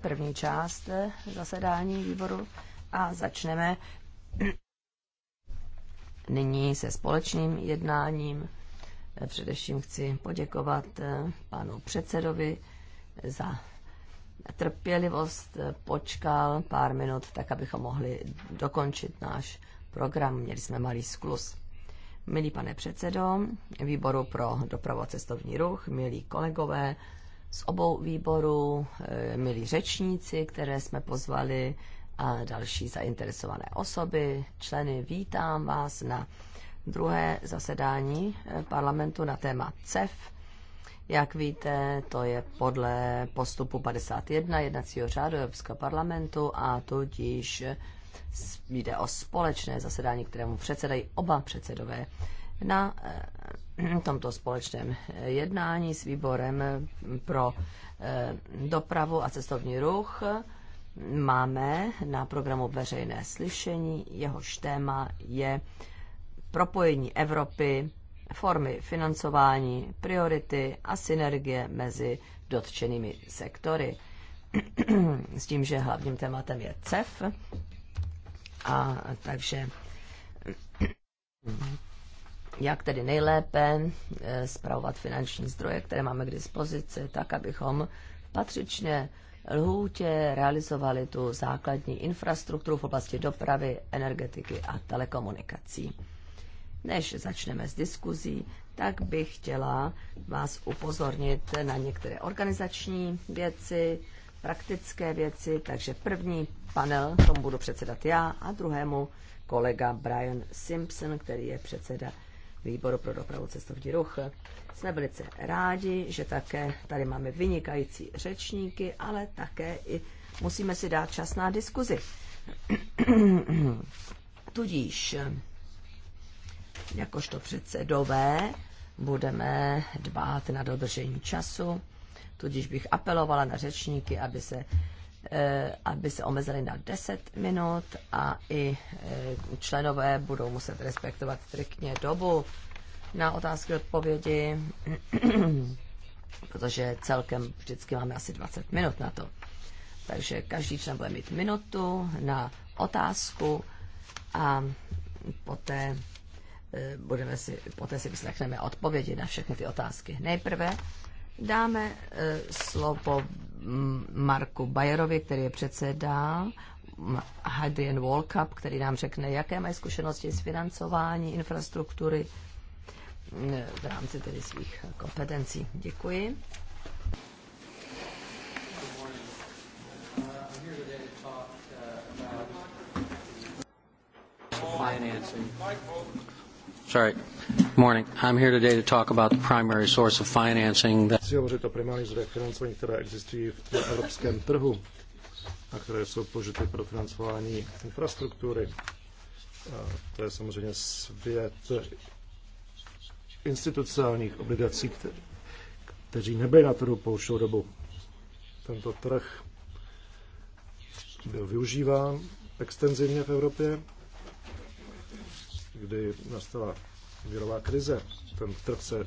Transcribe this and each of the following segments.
první část eh, zasedání výboru a začneme nyní se společným jednáním. Eh, především chci poděkovat eh, panu předsedovi za trpělivost. Počkal pár minut, tak abychom mohli dokončit náš program. Měli jsme malý sklus. Milý pane předsedo, výboru pro dopravu a cestovní ruch, milí kolegové, z obou výborů, eh, milí řečníci, které jsme pozvali a další zainteresované osoby, členy. Vítám vás na druhé zasedání eh, parlamentu na téma CEF. Jak víte, to je podle postupu 51 jednacího řádu Evropského parlamentu a tudíž jde o společné zasedání, kterému předsedají oba předsedové na eh, tomto společném eh, jednání s výborem eh, pro dopravu a cestovní ruch máme na programu veřejné slyšení. Jehož téma je propojení Evropy, formy financování, priority a synergie mezi dotčenými sektory. S tím, že hlavním tématem je CEF. A takže jak tedy nejlépe zpravovat eh, finanční zdroje, které máme k dispozici, tak abychom patřičně lhůtě realizovali tu základní infrastrukturu v oblasti dopravy, energetiky a telekomunikací. Než začneme s diskuzí, tak bych chtěla vás upozornit na některé organizační věci, praktické věci, takže první panel, tomu budu předsedat já, a druhému kolega Brian Simpson, který je předseda výboru pro dopravu cestovní ruch. Jsme velice rádi, že také tady máme vynikající řečníky, ale také i musíme si dát čas na diskuzi. Tudíž, jakožto předsedové, budeme dbát na dodržení času, tudíž bych apelovala na řečníky, aby se Eh, aby se omezili na 10 minut a i eh, členové budou muset respektovat striktně dobu na otázky odpovědi, protože celkem vždycky máme asi 20 minut na to. Takže každý člen bude mít minutu na otázku a poté eh, budeme si, poté si vyslechneme odpovědi na všechny ty otázky. Nejprve dáme slovo Marku Bajerovi, který je předseda Hadrian Cup, který nám řekne, jaké mají zkušenosti s financování infrastruktury v rámci tedy svých kompetencí. Děkuji. Financing. Sorry. Morning. I'm here today to talk about the primary source of financing. Chci hovořit o primárních zdrojích financování, které existují v evropském trhu a které jsou použity pro financování infrastruktury. A to je samozřejmě svět institucionálních obligací, kteří nebyli na trhu po určitou dobu. Tento trh byl využíván extenzivně v Evropě kdy nastala mírová krize. Ten trh se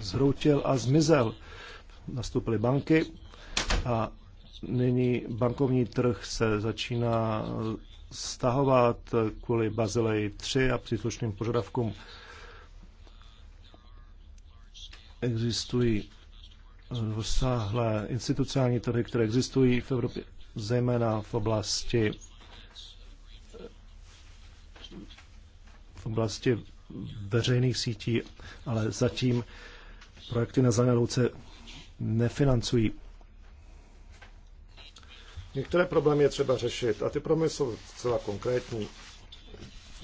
zhroutil a zmizel. Nastoupily banky a nyní bankovní trh se začíná stahovat kvůli Bazileji 3 a příslušným požadavkům. Existují rozsáhlé institucionální trhy, které existují v Evropě, zejména v oblasti oblasti veřejných sítí, ale zatím projekty na zelené louce nefinancují. Některé problémy je třeba řešit a ty problémy jsou celá konkrétní.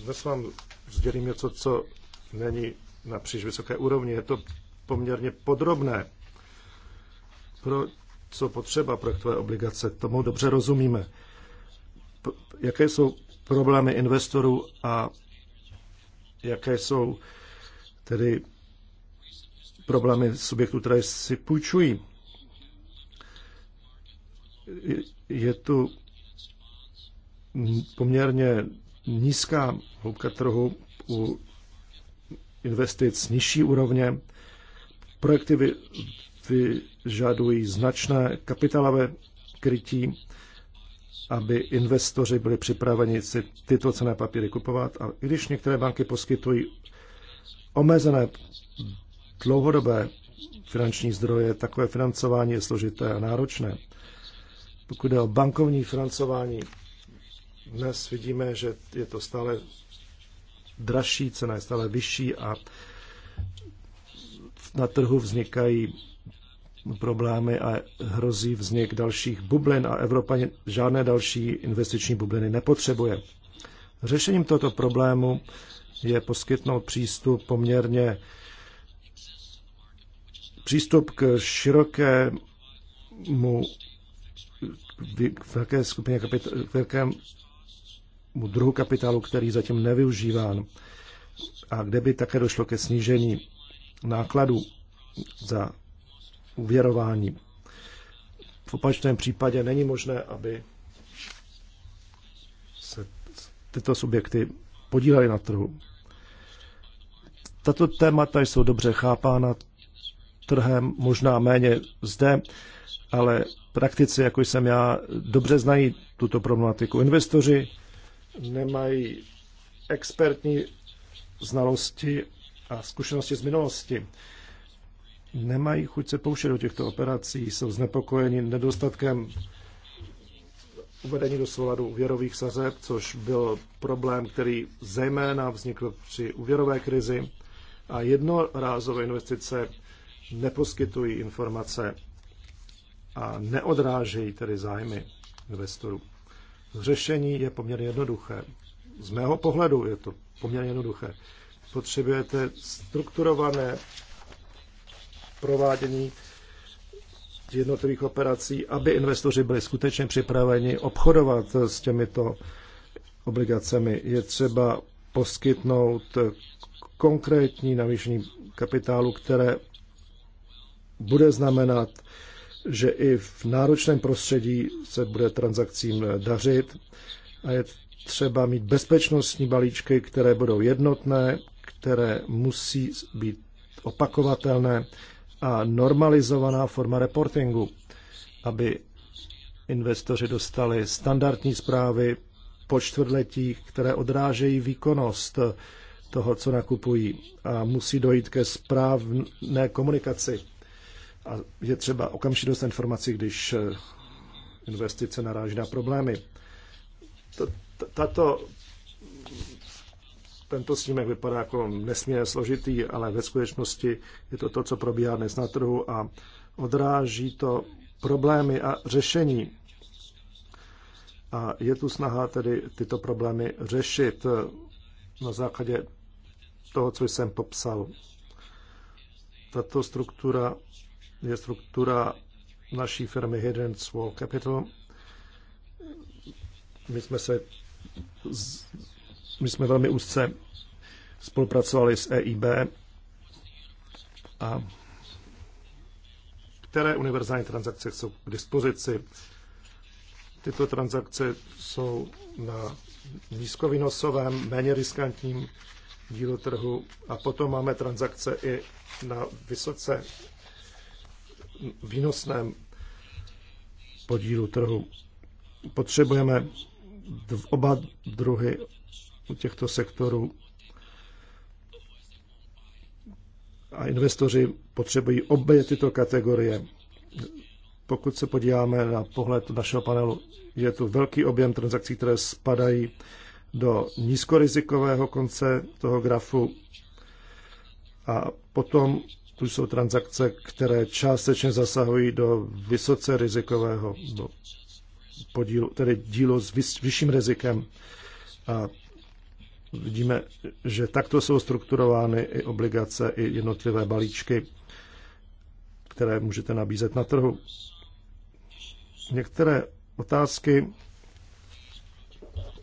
Dnes vám sdělím něco, co není na příliš vysoké úrovni. Je to poměrně podrobné. Pro co potřeba projektové obligace, tomu dobře rozumíme. Jaké jsou problémy investorů a jaké jsou tedy problémy subjektů, které si půjčují. Je tu poměrně nízká hloubka trhu u investic nižší úrovně. Projekty vyžadují značné kapitálové krytí aby investoři byli připraveni si tyto cené papíry kupovat. A i když některé banky poskytují omezené dlouhodobé finanční zdroje, takové financování je složité a náročné. Pokud jde o bankovní financování, dnes vidíme, že je to stále dražší, cena je stále vyšší a na trhu vznikají problémy a hrozí vznik dalších bublin a Evropa žádné další investiční bubliny nepotřebuje. Řešením tohoto problému je poskytnout přístup poměrně přístup k širokému k velké skupině kapitálu, k velkému druhu kapitálu, který zatím nevyužíván a kde by také došlo ke snížení nákladů za uvěrování. V opačném případě není možné, aby se tyto subjekty podílely na trhu. Tato témata jsou dobře chápána trhem, možná méně zde, ale praktici, jako jsem já, dobře znají tuto problematiku. Investoři nemají expertní znalosti a zkušenosti z minulosti nemají chuť se pouštět do těchto operací, jsou znepokojeni nedostatkem uvedení do souladu úvěrových sazeb, což byl problém, který zejména vznikl při úvěrové krizi a jednorázové investice neposkytují informace a neodrážejí tedy zájmy investorů. Řešení je poměrně jednoduché. Z mého pohledu je to poměrně jednoduché. Potřebujete strukturované provádění jednotlivých operací, aby investoři byli skutečně připraveni obchodovat s těmito obligacemi. Je třeba poskytnout konkrétní navýšení kapitálu, které bude znamenat, že i v náročném prostředí se bude transakcím dařit a je třeba mít bezpečnostní balíčky, které budou jednotné, které musí být opakovatelné a normalizovaná forma reportingu, aby investoři dostali standardní zprávy po čtvrtletí, které odrážejí výkonnost toho, co nakupují. A musí dojít ke správné komunikaci. A je třeba okamžitě dost informací, když investice naráží na problémy. Tato tento snímek vypadá jako nesmírně složitý, ale ve skutečnosti je to to, co probíhá dnes na trhu a odráží to problémy a řešení. A je tu snaha tedy tyto problémy řešit na základě toho, co jsem popsal. Tato struktura je struktura naší firmy Hidden Small Capital. My jsme se my jsme velmi úzce spolupracovali s EIB a které univerzální transakce jsou k dispozici. Tyto transakce jsou na nízkovýnosovém, méně riskantním dílu trhu a potom máme transakce i na vysoce výnosném podílu trhu. Potřebujeme oba druhy u těchto sektorů. A investoři potřebují obě tyto kategorie. Pokud se podíváme na pohled našeho panelu, je tu velký objem transakcí, které spadají do nízkorizikového konce toho grafu. A potom tu jsou transakce, které částečně zasahují do vysoce rizikového podílu, tedy dílu s vyšším rizikem. A vidíme, že takto jsou strukturovány i obligace, i jednotlivé balíčky, které můžete nabízet na trhu. Některé otázky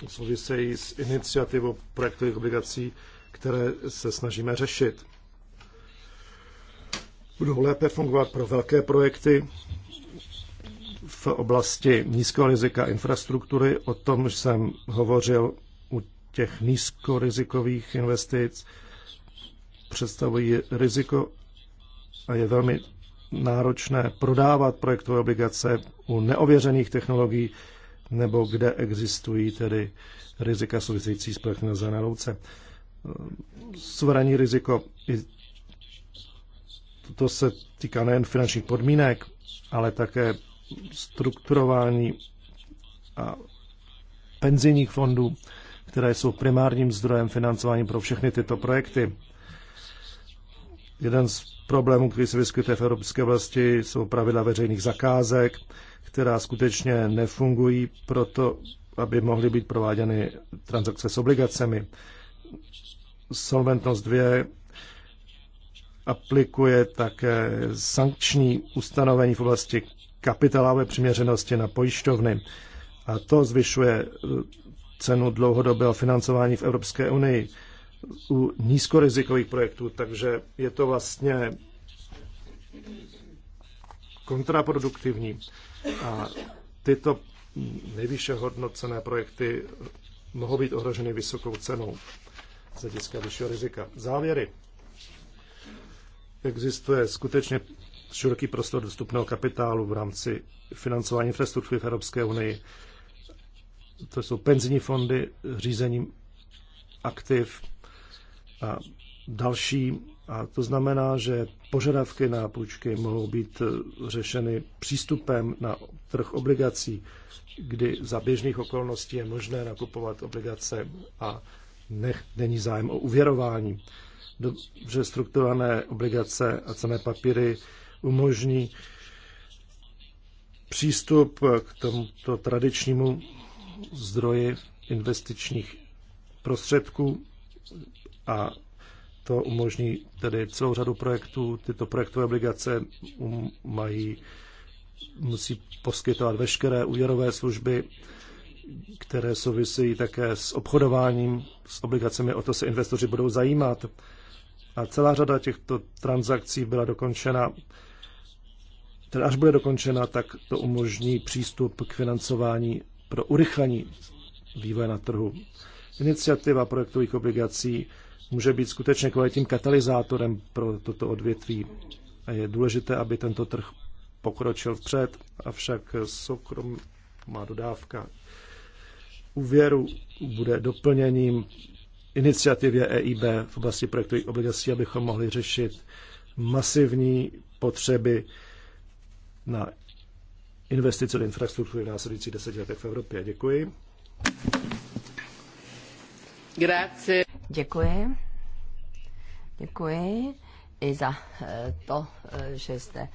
souvisejí s iniciativou projektových obligací, které se snažíme řešit. Budou lépe fungovat pro velké projekty v oblasti nízkého rizika infrastruktury. O tom jsem hovořil těch nízkorizikových investic představují riziko a je velmi náročné prodávat projektové obligace u neověřených technologií nebo kde existují tedy rizika související s projektem na zelené louce. Suverénní riziko, to se týká nejen finančních podmínek, ale také strukturování a penzijních fondů které jsou primárním zdrojem financování pro všechny tyto projekty. Jeden z problémů, který se vyskytuje v evropské oblasti, jsou pravidla veřejných zakázek, která skutečně nefungují proto, aby mohly být prováděny transakce s obligacemi. Solventnost 2 aplikuje také sankční ustanovení v oblasti kapitálové přiměřenosti na pojišťovny. A to zvyšuje cenu dlouhodobého financování v Evropské unii u nízkorizikových projektů, takže je to vlastně kontraproduktivní. A tyto nejvyšší hodnocené projekty mohou být ohroženy vysokou cenou z hlediska vyššího rizika. Závěry. Existuje skutečně široký prostor dostupného kapitálu v rámci financování infrastruktury v Evropské unii to jsou penzijní fondy, řízením aktiv a další. A to znamená, že požadavky na půjčky mohou být eh, řešeny přístupem na trh obligací, kdy za běžných okolností je možné nakupovat obligace a ne, není zájem o uvěrování. Dobře strukturované obligace a cené papíry umožní přístup k tomuto tradičnímu zdroji investičních prostředků a to umožní tedy celou řadu projektů. Tyto projektové obligace um, mají, musí poskytovat veškeré úvěrové služby, které souvisí také s obchodováním s obligacemi, o to se investoři budou zajímat. A celá řada těchto transakcí byla dokončena, teda až bude dokončena, tak to umožní přístup k financování pro urychlení vývoje na trhu. Iniciativa projektových obligací může být skutečně kvalitním katalyzátorem pro toto odvětví. Je důležité, aby tento trh pokročil vpřed, avšak soukromá dodávka úvěru bude doplněním iniciativě EIB v oblasti projektových obligací, abychom mohli řešit masivní potřeby na investice do infrastruktury v následujících deseti letech v Evropě. Děkuji. Grazie. Děkuji. Děkuji i za eh, to, eh, že jste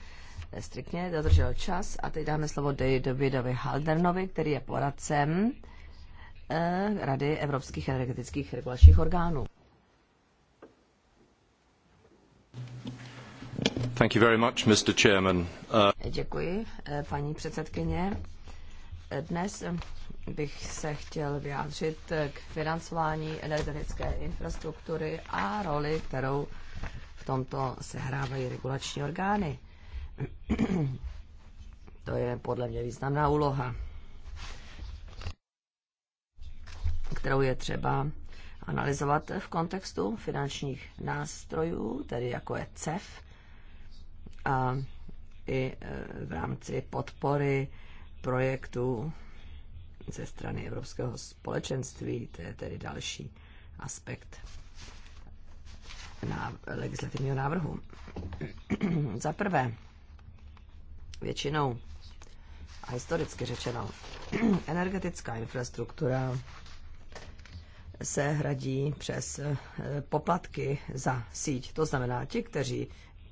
eh, striktně dodržel čas. A teď dáme slovo Davidovi Haldernovi, který je poradcem Rady evropských energetických regulačních orgánů. Uh, Děkuji, eh, paní předsedkyně. Dnes bych se chtěl vyjádřit k financování energetické infrastruktury a roli, kterou v tomto sehrávají regulační orgány. to je podle mě významná úloha, kterou je třeba analyzovat v kontextu finančních nástrojů, tedy jako je CEF, a i e, v rámci podpory projektů ze strany Evropského společenství, to je tedy další aspekt na legislativního návrhu. Za prvé, většinou a historicky řečeno, energetická infrastruktura se hradí přes e, poplatky za síť. To znamená, ti, kteří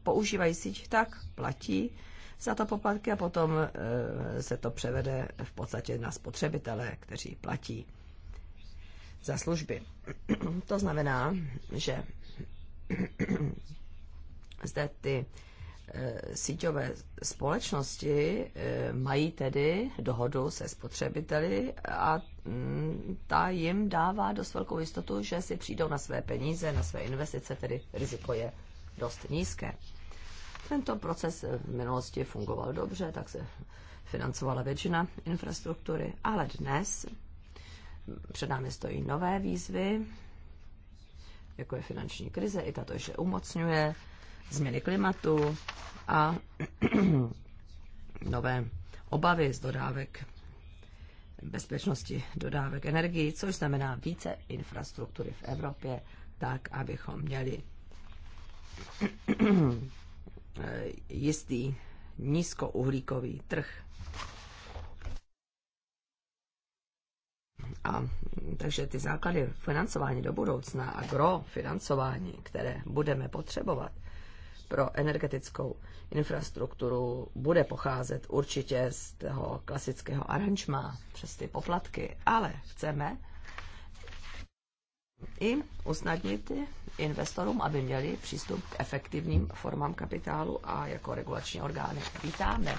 Používají síť, tak platí za to poplatky a potom e, se to převede v podstatě na spotřebitele, kteří platí za služby. To znamená, že zde ty e, síťové společnosti e, mají tedy dohodu se spotřebiteli a mm, ta jim dává dost velkou jistotu, že si přijdou na své peníze, na své investice, tedy riziko je dost nízké. Tento proces v minulosti fungoval dobře, tak se financovala většina infrastruktury, ale dnes před námi stojí nové výzvy, jako je finanční krize, i tato ještě umocňuje, změny klimatu a nové obavy z dodávek bezpečnosti dodávek energii, což znamená více infrastruktury v Evropě, tak, abychom měli Eh, jistý nízkouhlíkový trh. A takže ty základy financování do budoucna a gro financování, které budeme potřebovat pro energetickou infrastrukturu, bude pocházet určitě z toho klasického aranžma přes ty poplatky, ale chceme i usnadnit investorům, aby měli přístup k efektivním formám kapitálu a jako regulační orgány vítáme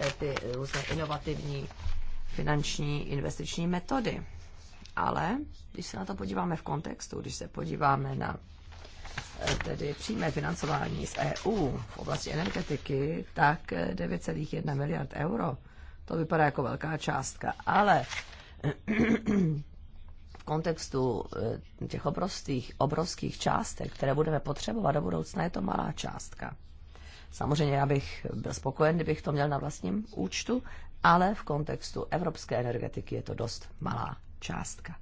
eh, ty různé inovativní finanční investiční metody. Ale když se na to podíváme v kontextu, když se podíváme na eh, tedy přímé financování z EU v oblasti energetiky, tak 9,1 eh, miliard euro. To vypadá jako velká částka, ale v kontextu eh, těch obrovských, obrovských částek, které budeme potřebovat do budoucna, je to malá částka. Samozřejmě já bych byl spokojen, kdybych to měl na vlastním účtu, ale v kontextu evropské energetiky je to dost malá částka.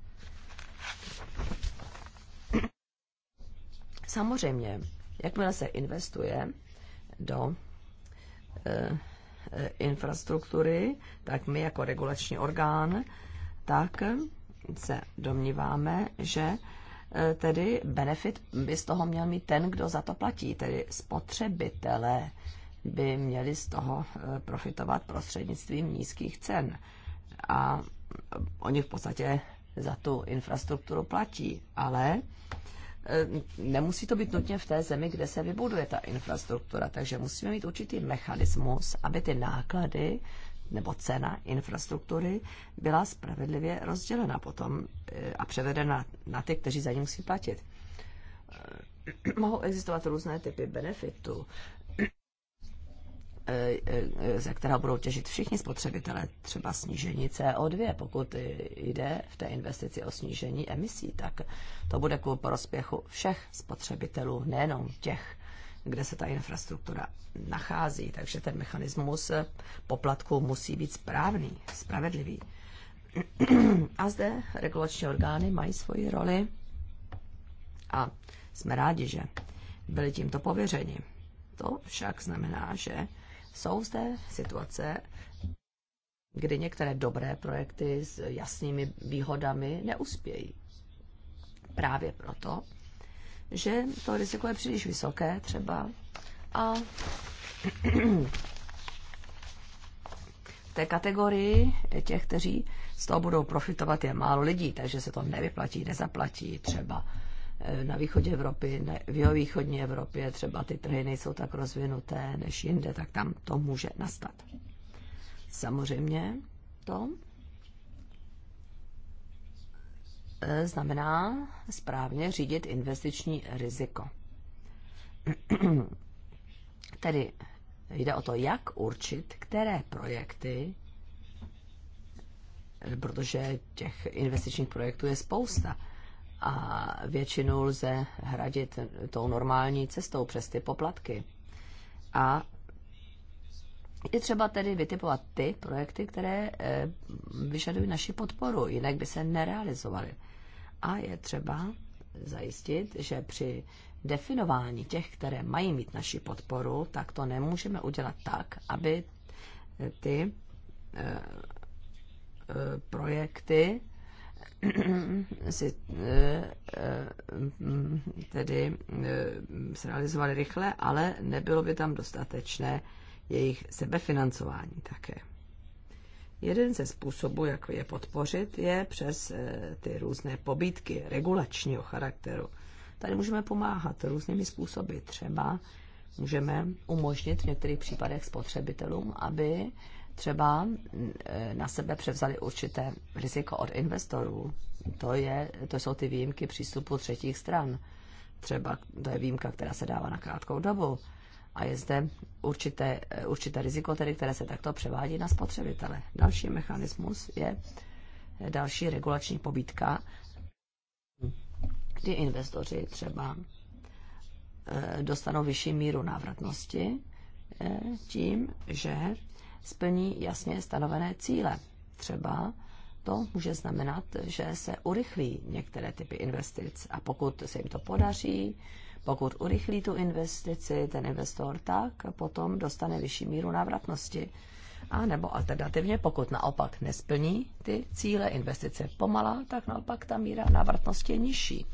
Samozřejmě, jakmile se investuje do e, e, infrastruktury, tak my jako regulační orgán, tak se domníváme, že e, tedy benefit by z toho měl mít ten, kdo za to platí, tedy spotřebitelé by měli z toho e, profitovat prostřednictvím nízkých cen. A oni v podstatě za tu infrastrukturu platí, ale e, nemusí to být nutně v té zemi, kde se vybuduje ta infrastruktura, takže musíme mít určitý mechanismus, aby ty náklady nebo cena infrastruktury byla spravedlivě rozdělena potom eh, a převedena na ty, kteří za ní musí platit. Eh, mohou existovat různé typy benefitu, eh, ze kterého budou těžit všichni spotřebitelé, třeba snížení CO2. Pokud jde v té investici o snížení emisí, tak to bude ku prospěchu všech spotřebitelů, nejenom těch, kde se ta infrastruktura nachází. Takže ten mechanismus poplatku musí být správný, spravedlivý. A zde regulační orgány mají svoji roli a jsme rádi, že byli tímto pověřeni. To však znamená, že jsou zde situace, kdy některé dobré projekty s jasnými výhodami neuspějí. Právě proto že to riziko je příliš vysoké třeba a v té kategorii těch, kteří z toho budou profitovat, je málo lidí, takže se to nevyplatí, nezaplatí třeba eh, na východě Evropy, ne, v jeho východní Evropě třeba ty trhy nejsou tak rozvinuté než jinde, tak tam to může nastat. Samozřejmě to Eh, znamená správně řídit investiční riziko. Tedy jde o to, jak určit, které projekty, eh, protože těch investičních projektů je spousta a většinu lze hradit tou normální cestou přes ty poplatky. A je třeba tedy vytipovat ty projekty, které eh, vyžadují naši podporu, jinak by se nerealizovaly. A je třeba zajistit, že při definování těch, které mají mít naši podporu, tak to nemůžeme udělat tak, aby ty eh, eh, projekty si eh, tedy se realizovaly rychle, ale nebylo by tam dostatečné jejich sebefinancování také. Jeden ze způsobů, jak je podpořit, je přes eh, ty různé pobídky regulačního charakteru. Tady můžeme pomáhat různými způsoby. Třeba můžeme umožnit v některých případech spotřebitelům, aby třeba eh, na sebe převzali určité riziko od investorů. To, je, to jsou ty výjimky přístupu třetích stran. Třeba to je výjimka, která se dává na krátkou dobu a je zde určité, eh, určité riziko, tedy, které se takto převádí na spotřebitele. Další mechanismus je eh, další regulační pobídka, kdy investoři třeba eh, dostanou vyšší míru návratnosti tím, že splní jasně stanovené cíle. Třeba to může znamenat, že se urychlí některé typy investic a pokud se jim to podaří, pokud urychlí tu investici ten investor, tak potom dostane vyšší míru návratnosti. A nebo alternativně, pokud naopak nesplní ty cíle, investice pomalá, tak naopak ta míra návratnosti je nižší.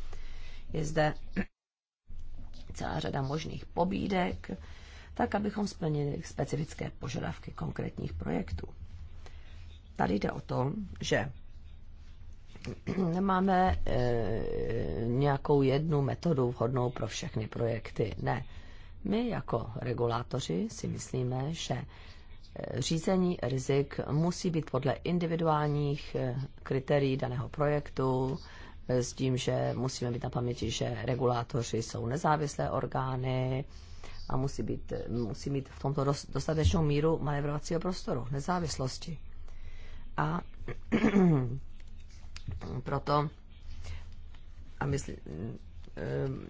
Je zde celá řada možných pobídek, tak abychom splnili specifické požadavky konkrétních projektů. Tady jde o to, že nemáme eh, nějakou jednu metodu vhodnou pro všechny projekty. Ne. My jako regulátoři si myslíme, že eh, řízení rizik musí být podle individuálních eh, kritérií daného projektu, s tím, že musíme být na paměti, že regulátoři jsou nezávislé orgány a musí, být, musí mít v tomto dostatečnou míru manevrovacího prostoru, nezávislosti. A Proto a myslím, ehm,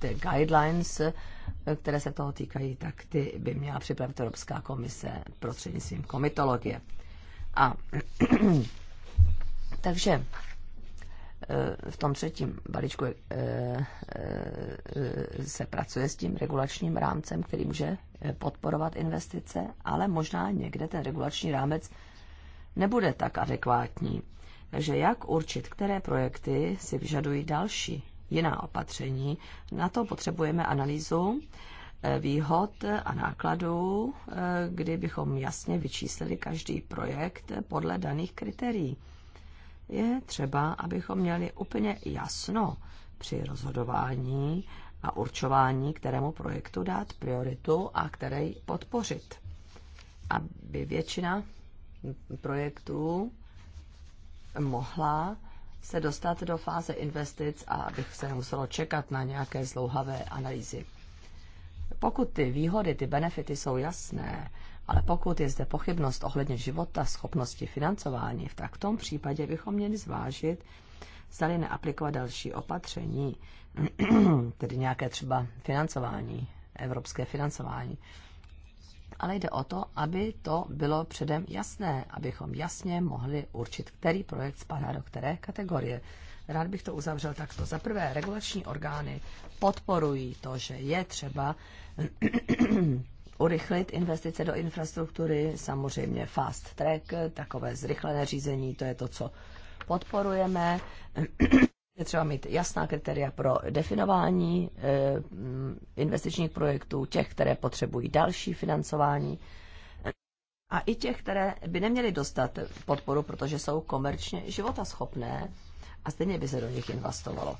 ty guidelines, které se toho týkají, tak ty by měla připravit Evropská komise prostřednictvím komitologie. A takže e, v tom třetím balíčku e, e, se pracuje s tím regulačním rámcem, který může podporovat investice, ale možná někde ten regulační rámec nebude tak adekvátní. Takže jak určit, které projekty si vyžadují další jiná opatření? Na to potřebujeme analýzu eh, výhod a nákladů, eh, kdybychom jasně vyčíslili každý projekt podle daných kritérií. Je třeba, abychom měli úplně jasno při rozhodování a určování, kterému projektu dát prioritu a který podpořit. Aby většina projektů mohla se dostat do fáze investic a bych se muselo čekat na nějaké zlouhavé analýzy. Pokud ty výhody, ty benefity jsou jasné, ale pokud je zde pochybnost ohledně života, schopnosti financování, tak v tom případě bychom měli zvážit, zdali neaplikovat další opatření, tedy nějaké třeba financování, evropské financování ale jde o to, aby to bylo předem jasné, abychom jasně mohli určit, který projekt spadá do které kategorie. Rád bych to uzavřel takto. Za prvé, regulační orgány podporují to, že je třeba urychlit investice do infrastruktury, samozřejmě fast track, takové zrychlené řízení, to je to, co podporujeme. Je třeba mít jasná kritéria pro definování eh, investičních projektů, těch, které potřebují další financování a i těch, které by neměly dostat podporu, protože jsou komerčně životaschopné a stejně by se do nich investovalo.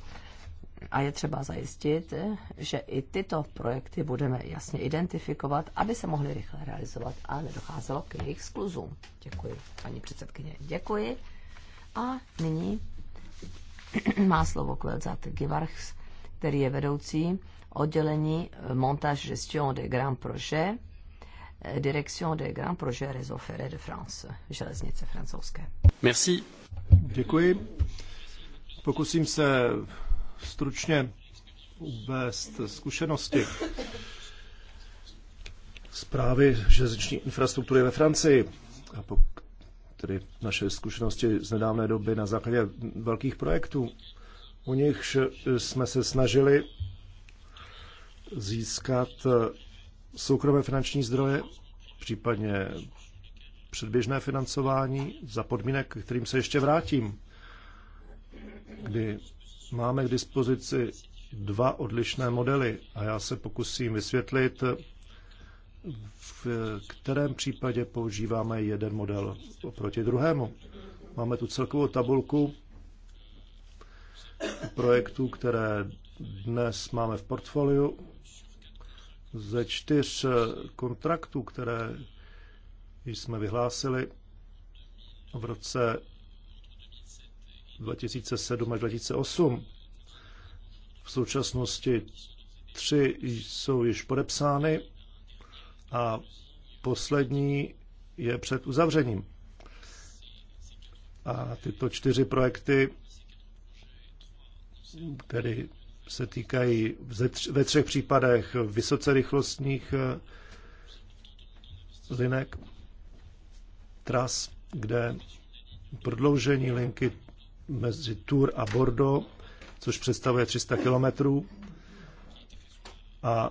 A je třeba zajistit, že i tyto projekty budeme jasně identifikovat, aby se mohly rychle realizovat a nedocházelo k jejich skluzům. Děkuji, paní předsedkyně. Děkuji. A nyní má slovo Kvelzat Givarchs, který je vedoucí oddělení eh, Montage Gestion de Grand Projet, eh, Direction de Grand Projet Réseau Ferré de France, železnice francouzské. Merci. Děkuji. Pokusím se stručně uvést zkušenosti zprávy železniční infrastruktury ve Francii a tedy naše zkušenosti z nedávné doby na základě velkých projektů. U nichž jsme se snažili získat soukromé finanční zdroje, případně předběžné financování za podmínek, kterým se ještě vrátím, kdy máme k dispozici dva odlišné modely a já se pokusím vysvětlit, v kterém případě používáme jeden model oproti druhému. Máme tu celkovou tabulku projektů, které dnes máme v portfoliu. Ze čtyř kontraktů, které jsme vyhlásili v roce 2007 až 2008, v současnosti tři jsou již podepsány a poslední je před uzavřením. A tyto čtyři projekty, které se týkají ve třech případech vysoce rychlostních eh, linek, tras, kde prodloužení linky mezi Tour a Bordeaux, což představuje 300 kilometrů. A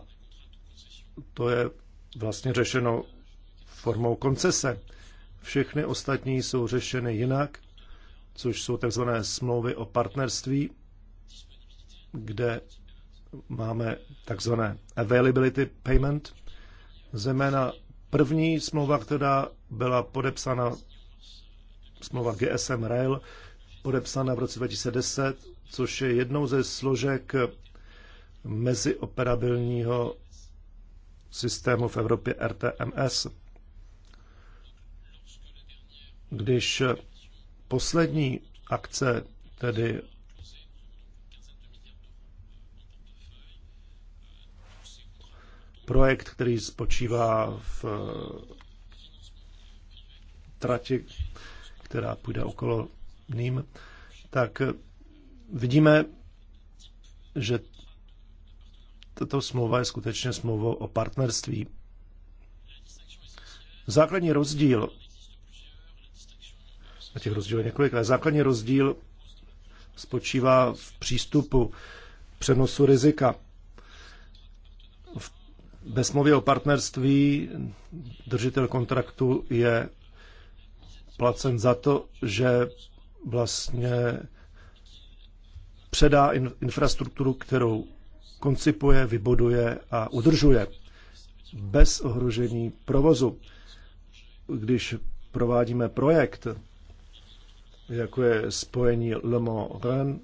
to je vlastně řešeno formou koncese. Všechny ostatní jsou řešeny jinak, což jsou tzv. smlouvy o partnerství, kde máme tzv. availability payment, Zeména první smlouva, která byla podepsána, smlouva GSM Rail, podepsána v roce 2010, což je jednou ze složek mezioperabilního systému v Evropě RTMS. Když poslední akce, tedy projekt, který spočívá v eh, trati, která půjde okolo ním, tak vidíme, že tato smlouva je skutečně smlouvou o partnerství. Základní rozdíl, a těch rozdílů je několik, ale základní rozdíl spočívá v přístupu přenosu rizika. Ve smlouvě o partnerství držitel kontraktu je placen za to, že vlastně předá infrastrukturu, kterou koncipuje, vybuduje a udržuje bez ohrožení provozu. Když provádíme projekt, jako je spojení Le Mans-Rennes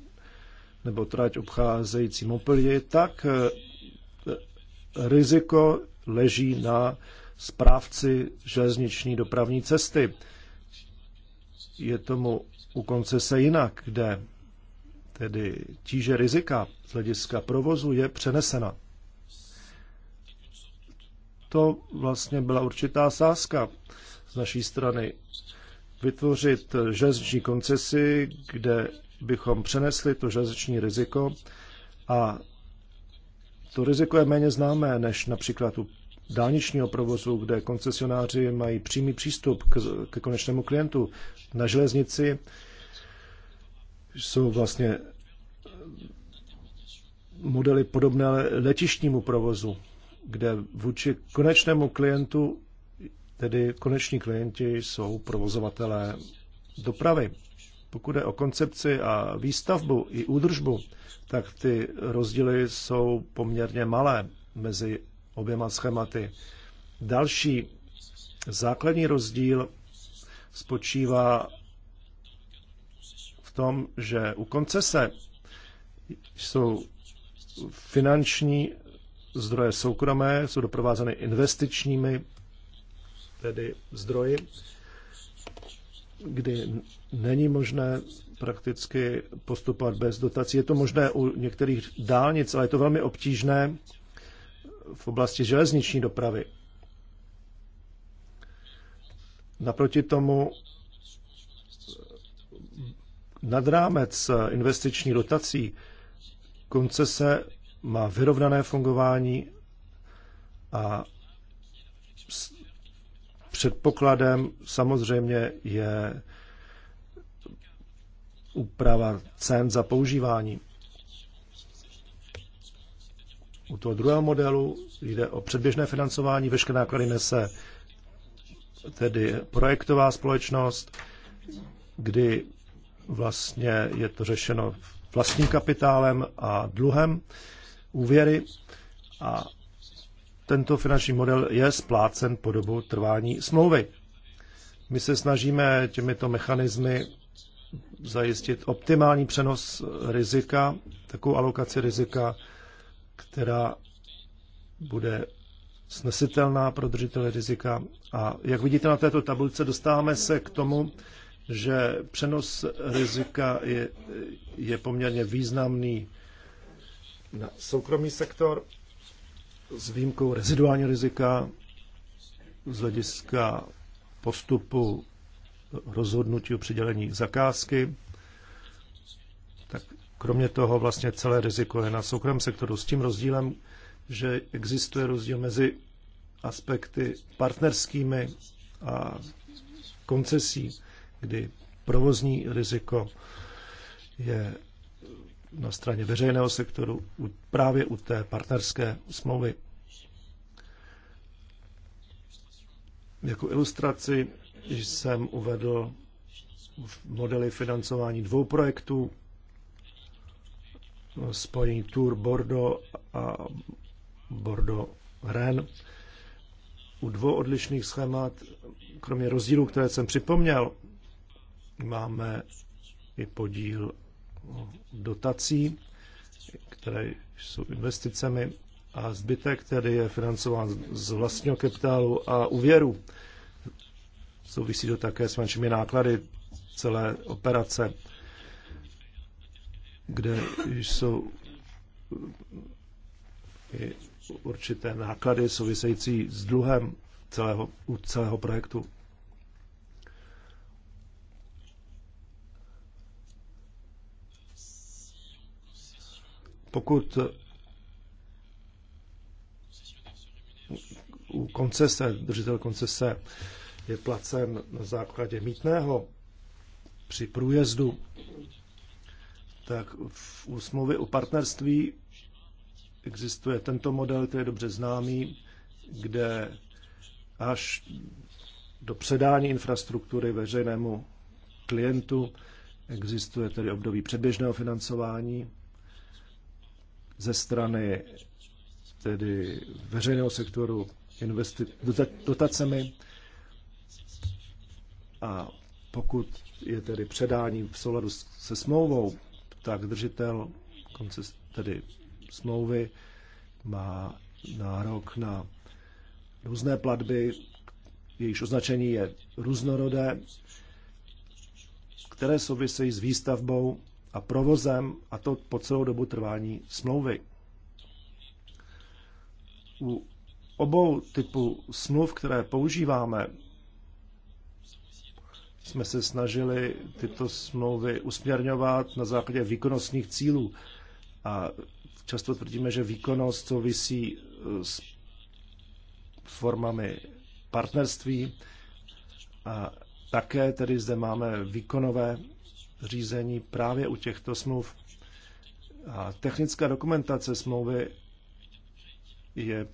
nebo trať obcházející Montpellier, tak eh, riziko leží na správci železniční dopravní cesty. Je tomu u konce se jinak, kde tedy tíže rizika z hlediska provozu je přenesena. To vlastně byla určitá sázka z naší strany. Vytvořit železniční koncesi, kde bychom přenesli to železniční riziko a to riziko je méně známé než například u dálničního provozu, kde koncesionáři mají přímý přístup k, k konečnému klientu. Na železnici jsou vlastně eh, modely podobné letištnímu provozu, kde vůči konečnému klientu, tedy koneční klienti, jsou provozovatelé dopravy. Pokud je o koncepci a výstavbu i údržbu, tak ty rozdíly jsou poměrně malé mezi oběma schématy. Další základní rozdíl spočívá tom, že u koncese jsou finanční zdroje soukromé, jsou doprovázeny investičními tedy zdroji, kdy není možné prakticky postupovat bez dotací. Je to možné u některých dálnic, ale je to velmi obtížné v oblasti železniční dopravy. Naproti tomu nad rámec eh, investiční dotací koncese má vyrovnané fungování a předpokladem samozřejmě je úprava cen za používání. U toho druhého modelu jde o předběžné financování, veškeré náklady nese tedy projektová společnost, kdy Vlastně je to řešeno vlastním kapitálem a dluhem, úvěry a tento finanční model je splácen po dobu trvání smlouvy. My se snažíme těmito mechanismy zajistit optimální přenos rizika, takovou alokaci rizika, která bude snesitelná pro držitele rizika. A jak vidíte na této tabulce, dostáváme se k tomu, že přenos rizika je, je poměrně významný na soukromý sektor s výjimkou reziduální rizika z hlediska postupu rozhodnutí o přidělení zakázky. Tak kromě toho vlastně celé riziko je na soukromém sektoru s tím rozdílem, že existuje rozdíl mezi aspekty partnerskými a koncesí kdy provozní riziko je na straně veřejného sektoru právě u té partnerské smlouvy. Jako ilustraci jsem uvedl modely financování dvou projektů, spojení Tour Bordeaux a Bordeaux Ren. U dvou odlišných schémat, kromě rozdílů, které jsem připomněl, máme i podíl dotací, které jsou investicemi a zbytek tedy je financován z vlastního kapitálu a úvěru. Souvisí to také s menšími náklady celé operace, kde jsou i určité náklady související s dluhem celého, u celého projektu. Pokud u koncese, držitel koncese je placen na základě mítného při průjezdu, tak v smlouvě o partnerství existuje tento model, který je dobře známý, kde až do předání infrastruktury veřejnému klientu existuje tedy období předběžného financování ze strany tedy veřejného sektoru investi- dotacemi a pokud je tedy předání v souladu se smlouvou, tak držitel konce tedy smlouvy má nárok na různé platby, jejichž označení je různorodé, které souvisejí s výstavbou a provozem, a to po celou dobu trvání smlouvy. U obou typů smluv, které používáme, jsme se snažili tyto smlouvy usměrňovat na základě výkonnostních cílů. A často tvrdíme, že výkonnost souvisí eh, s formami partnerství a také tedy zde máme výkonové řízení právě u těchto smluv. A technická dokumentace smlouvy je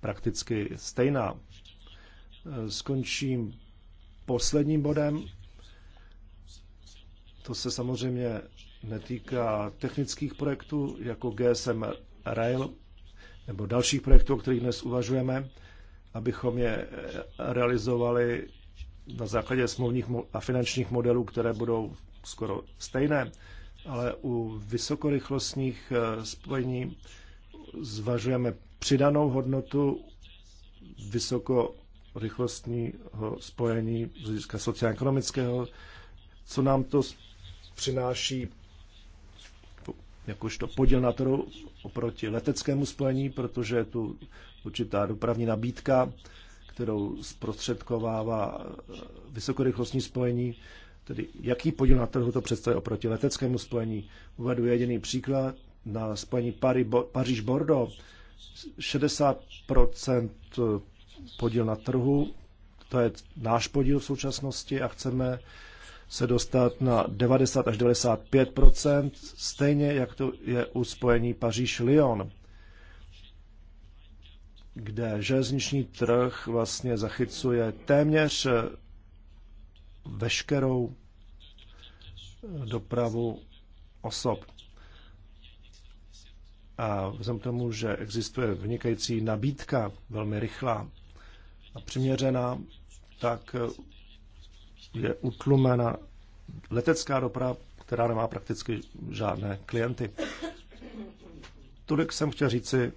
prakticky stejná. Skončím posledním bodem. To se samozřejmě netýká technických projektů jako GSM Rail nebo dalších projektů, o kterých dnes uvažujeme, abychom je realizovali na základě smluvních a finančních modelů, které budou skoro stejné, ale u vysokorychlostních eh, spojení zvažujeme přidanou hodnotu vysokorychlostního spojení z hlediska sociálně-ekonomického, co nám to přináší jakožto podíl na trhu oproti leteckému spojení, protože je tu určitá dopravní nabídka, kterou zprostředkovává eh, vysokorychlostní spojení Tedy jaký podíl na trhu to představuje oproti leteckému spojení? Uvedu jediný příklad na spojení Paříž-Bordeaux. 60% podíl na trhu, to je náš podíl v současnosti a chceme se dostat na 90 až 95 stejně jak to je u spojení Paříž-Lyon, kde železniční trh vlastně zachycuje téměř veškerou dopravu osob. A vzhledem k tomu, že existuje vynikající nabídka, velmi rychlá a přiměřená, tak je utlumena letecká doprava, která nemá prakticky žádné klienty. Tolik jsem chtěl říci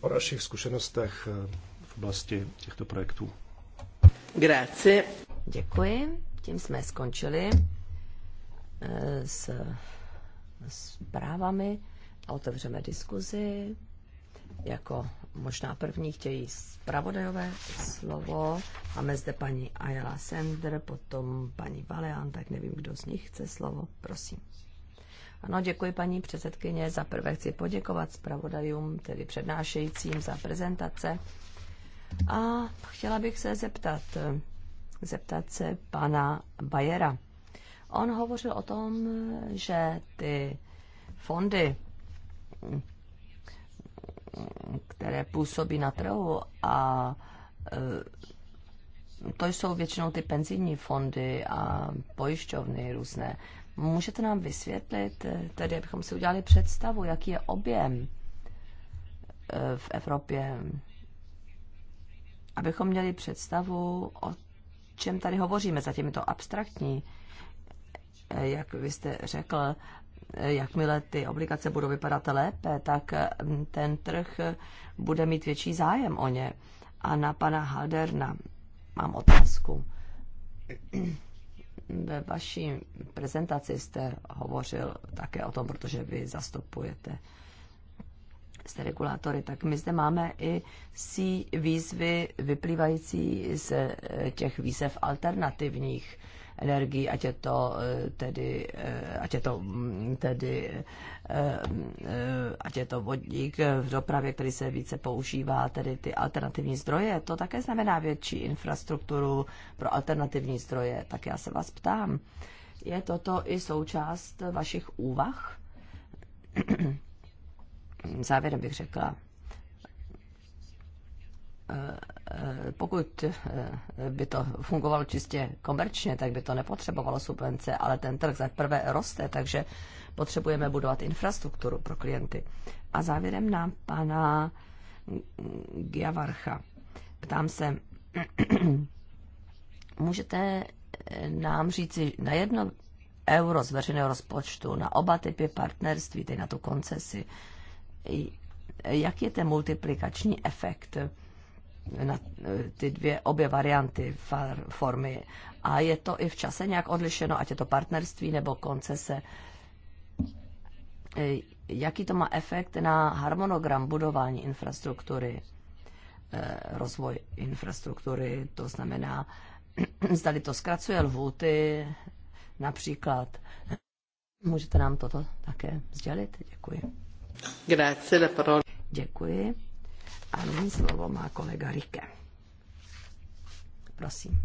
o našich zkušenostech v oblasti těchto projektů. Grazie. Děkuji. Tím jsme skončili eh, s zprávami a otevřeme diskuzi. Jako možná první chtějí zpravodajové slovo. Máme zde paní Ayala Sender, potom paní Valean, tak nevím, kdo z nich chce slovo. Prosím. Ano, děkuji paní předsedkyně. Za prvé chci poděkovat zpravodajům, tedy přednášejícím, za prezentace. A chtěla bych se zeptat, zeptat se pana Bajera. On hovořil o tom, že ty fondy, které působí na trhu a e, to jsou většinou ty penzijní fondy a pojišťovny různé. Můžete nám vysvětlit, e, tedy abychom si udělali představu, jaký je objem e, v Evropě, abychom měli představu o čem tady hovoříme je to abstraktní, eh, jak vy jste řekl, eh, jakmile ty obligace budou vypadat lépe, tak hm, ten trh bude mít větší zájem o ně. A na pana Halderna mám otázku. Ve vaší prezentaci jste hovořil také o tom, protože vy zastupujete s regulátory, tak my zde máme i sí výzvy vyplývající z eh, těch výzev alternativních energií, ať je to eh, tedy, eh, ať je to mm, tedy, ať je to vodík v dopravě, který se více používá, tedy ty alternativní zdroje, to také znamená větší infrastrukturu pro alternativní zdroje. Tak já se vás ptám, je toto i součást vašich úvah? závěrem bych řekla, eh, eh, pokud eh, by to fungovalo čistě komerčně, tak by to nepotřebovalo subvence, ale ten trh za prvé roste, takže potřebujeme budovat infrastrukturu pro klienty. A závěrem na pana Giavarcha. Ptám se, můžete nám říci na jedno euro z veřejného rozpočtu, na oba typy partnerství, tedy na tu koncesi, jak je ten multiplikační efekt na eh, ty dvě, obě varianty far, formy. A je to i v čase nějak odlišeno, ať je to partnerství nebo koncese. Eh, jaký to má efekt na harmonogram budování infrastruktury, eh, rozvoj infrastruktury, to znamená, zdali to zkracuje lhůty, například. Můžete nám toto také sdělit? Děkuji. Děkuji. A nyní slovo má kolega Rike. Prosím.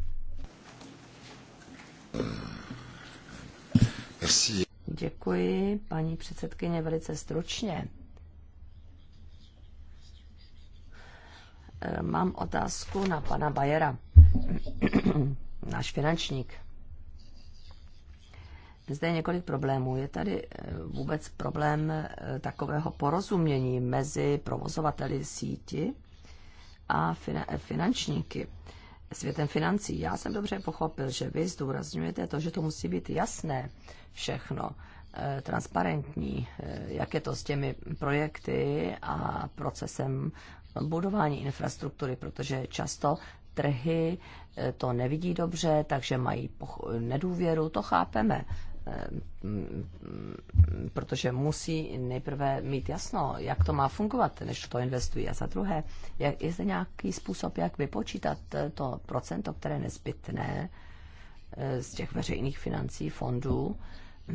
Děkuji, paní předsedkyně, velice stručně. Mám otázku na pana Bajera, náš finančník. Zde je několik problémů. Je tady eh, vůbec problém eh, takového porozumění mezi provozovateli síti a eh, finančníky, světem financí. Já jsem dobře pochopil, že vy zdůrazňujete to, že to musí být jasné všechno, transparentní, jak je to s těmi projekty a procesem budování infrastruktury, protože často trhy eh, to nevidí dobře, takže mají nedůvěru, to chápeme eh, protože musí nejprve mít jasno, jak to má fungovat, než to investují. A za druhé, jak, je zde nějaký způsob, jak vypočítat eh, to procento, které je nezbytné z těch veřejných financí fondů,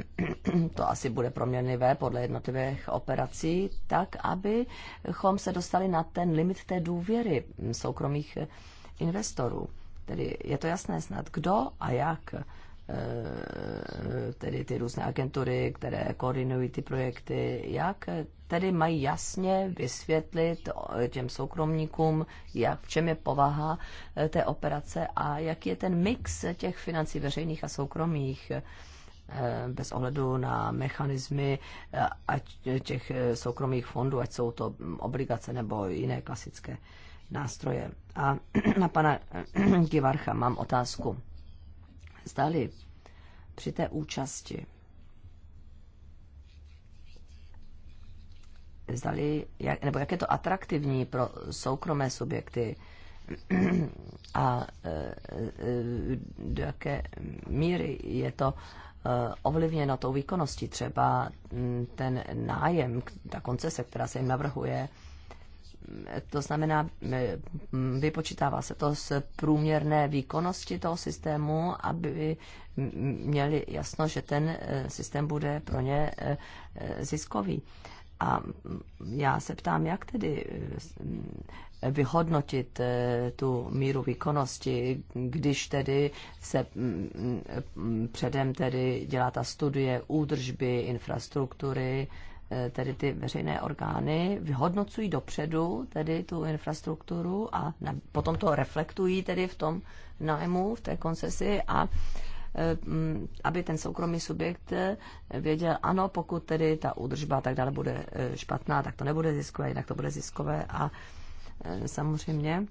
to asi bude proměnlivé podle jednotlivých operací, tak abychom se dostali na ten limit té důvěry soukromých investorů. Tedy je to jasné snad, kdo a jak eh, tedy ty různé agentury, které koordinují ty projekty, jak tedy mají jasně vysvětlit těm soukromníkům, jak, v čem je povaha eh, té operace a jak je ten mix těch financí veřejných a soukromých eh, bez ohledu na mechanismy ať těch soukromých fondů, ať jsou to obligace nebo jiné klasické nástroje. A na pana Givarcha mám otázku. Zdali při té účasti, zdali, jak, nebo jak je to atraktivní pro soukromé subjekty a e, e, do jaké míry je to e, ovlivněno tou výkonností. Třeba ten nájem, ta koncese, která se jim navrhuje, to znamená, eh, vypočítává se to z průměrné výkonnosti toho systému, aby měli jasno, že ten eh, systém bude pro ně eh, ziskový. A já se ptám, jak tedy vyhodnotit tu míru výkonnosti, když tedy se mm, mm, předem tedy dělá ta studie údržby infrastruktury, Eh, tedy ty veřejné orgány vyhodnocují dopředu tedy tu infrastrukturu a potom to reflektují tedy v tom nájmu, v té koncesi a eh, mm, aby ten soukromý subjekt eh, věděl, ano, pokud tedy ta údržba tak dále bude špatná, tak to nebude ziskové, jinak to bude ziskové a samozřejmě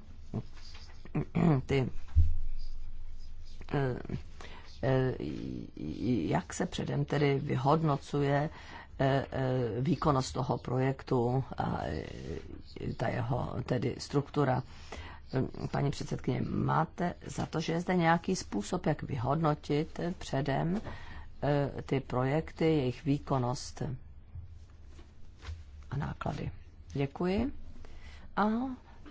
ty jak se předem tedy vyhodnocuje Eh, eh, výkonnost toho projektu a eh, ta jeho tedy struktura. Paní předsedkyně, máte za to, že je zde nějaký způsob, jak vyhodnotit předem ty projekty, jejich výkonnost a náklady? Děkuji. A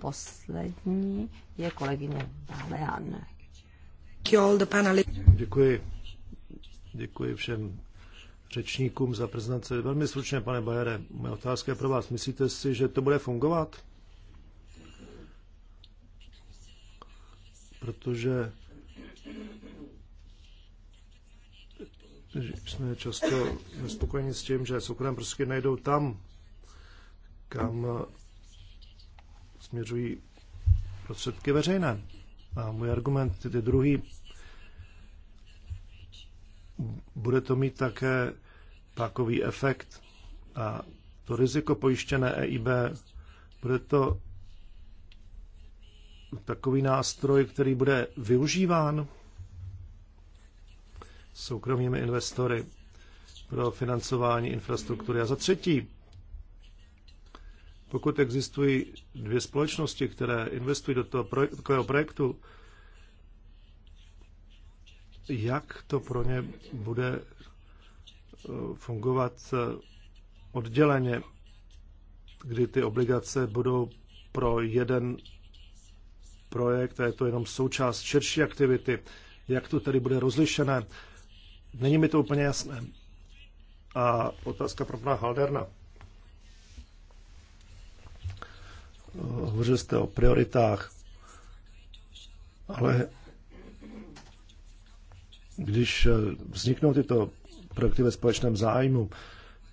poslední je kolegyně Balean. Děkuji. Děkuji všem řečníkům za prezentaci. Velmi stručně, pane Bajere, moje otázka je pro vás. Myslíte si, že to bude fungovat? Protože jsme často nespokojeni s tím, že soukromé prostředky najdou tam, kam směřují prostředky veřejné. A můj argument je druhý. Bude to mít také takový efekt a to riziko pojištěné EIB, bude to takový nástroj, který bude využíván soukromými investory pro financování infrastruktury. A za třetí, pokud existují dvě společnosti, které investují do toho projek- takového projektu, jak to pro ně bude Eh, fungovat eh, odděleně, kdy ty obligace budou pro jeden projekt a je to jenom součást širší aktivity. Jak to tedy bude rozlišené? Není mi to úplně jasné. A otázka pro pana Halderna. Eh, hovořil jste o prioritách, ale když vzniknou tyto projekty ve společném zájmu,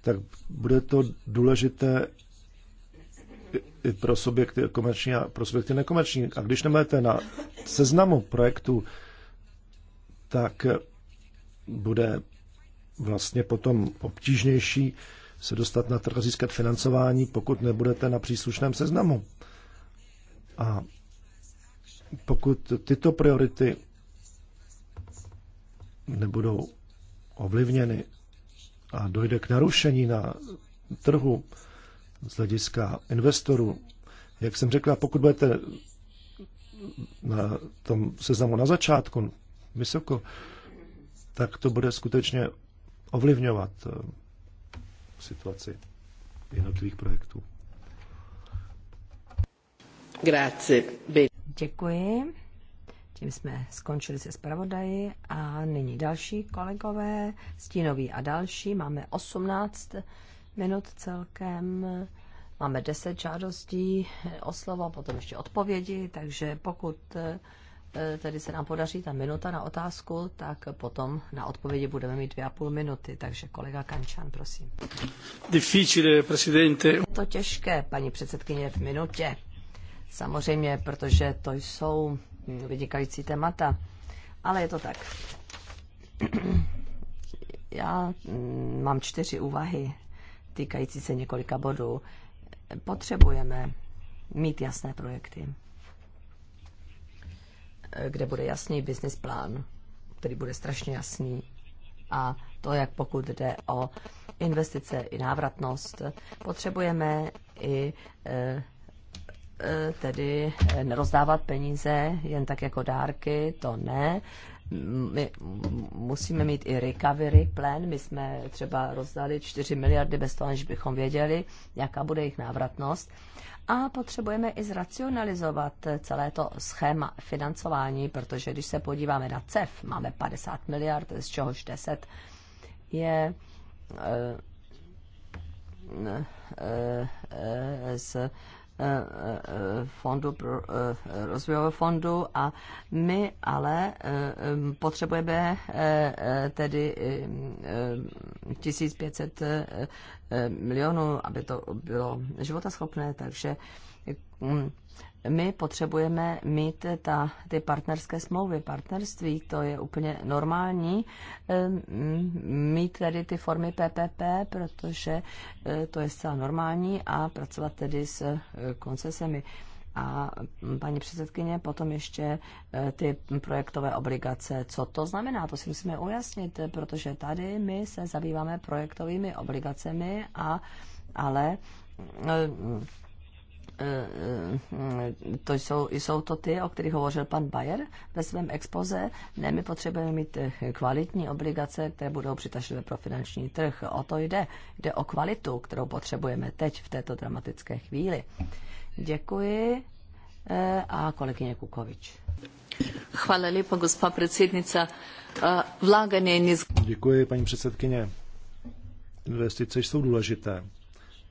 tak bude to důležité i pro subjekty komerční a pro subjekty nekomerční. A když nebudete na seznamu projektů, tak bude vlastně potom obtížnější se dostat na trh a získat financování, pokud nebudete na příslušném seznamu. A pokud tyto priority nebudou ovlivněny a dojde k narušení na trhu z hlediska investorů, jak jsem řekla, pokud budete na tom seznamu na začátku vysoko, tak to bude skutečně ovlivňovat eh, situaci jednotlivých projektů. Grazie. Děkuji. Tím jsme skončili se zpravodaji a nyní další kolegové, stínoví a další. Máme 18 minut celkem, máme 10 žádostí o slovo, potom ještě odpovědi, takže pokud eh, tedy se nám podaří ta minuta na otázku, tak potom na odpovědi budeme mít dvě a půl minuty. Takže kolega Kančan, prosím. Difficile, presidente. Je to těžké, paní předsedkyně, v minutě. Samozřejmě, protože to jsou vynikající témata, ale je to tak. Já mm, mám čtyři úvahy týkající se několika bodů. Potřebujeme mít jasné projekty, kde bude jasný business plán, který bude strašně jasný. A to, jak pokud jde o investice i návratnost, potřebujeme i eh, E, tedy e, nerozdávat peníze jen tak jako dárky, to ne. My musíme mít i recovery plan. My jsme třeba rozdali 4 miliardy bez toho, než bychom věděli, jaká bude jejich návratnost. A potřebujeme i zracionalizovat celé to schéma financování, protože když se podíváme na CEF, máme 50 miliard, z čehož 10 je e, z Eh, eh, fondu, pro, eh, rozvojového fondu a my ale potřebujeme tedy 1500 milionů, aby to bylo životaschopné, takže my potřebujeme mít ta, ty partnerské smlouvy, partnerství, to je úplně normální, mít tedy ty formy PPP, protože e, to je zcela normální a pracovat tedy s e, koncesemi. A paní předsedkyně, potom ještě e, ty projektové obligace. Co to znamená? To si musíme ujasnit, protože tady my se zabýváme projektovými obligacemi, a, ale Eh, eh, to jsou, jsou to ty, o kterých hovořil pan Bayer ve svém expoze. Ne, my potřebujeme mít eh, kvalitní obligace, které budou přitažlivé pro finanční trh. O to jde. Jde o kvalitu, kterou potřebujeme teď v této dramatické chvíli. Děkuji. A kolegyně Kukovič. Chvále lepo, gospa predsednica. Vláganě niz... Děkuji, paní předsedkyně. Investice jsou důležité.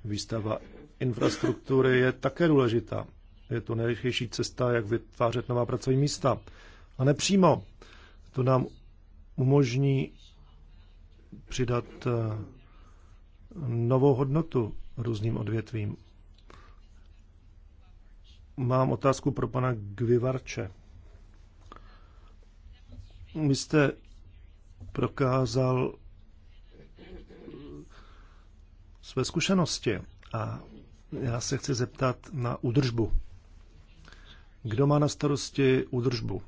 Výstava infrastruktury je také důležitá. Je to nejrychlejší cesta, jak vytvářet nová pracovní místa. A nepřímo to nám umožní přidat eh, novou hodnotu různým odvětvím. Mám otázku pro pana Gvivarče. Vy jste prokázal své zkušenosti a já se chci zeptat na údržbu. Kdo má na starosti údržbu?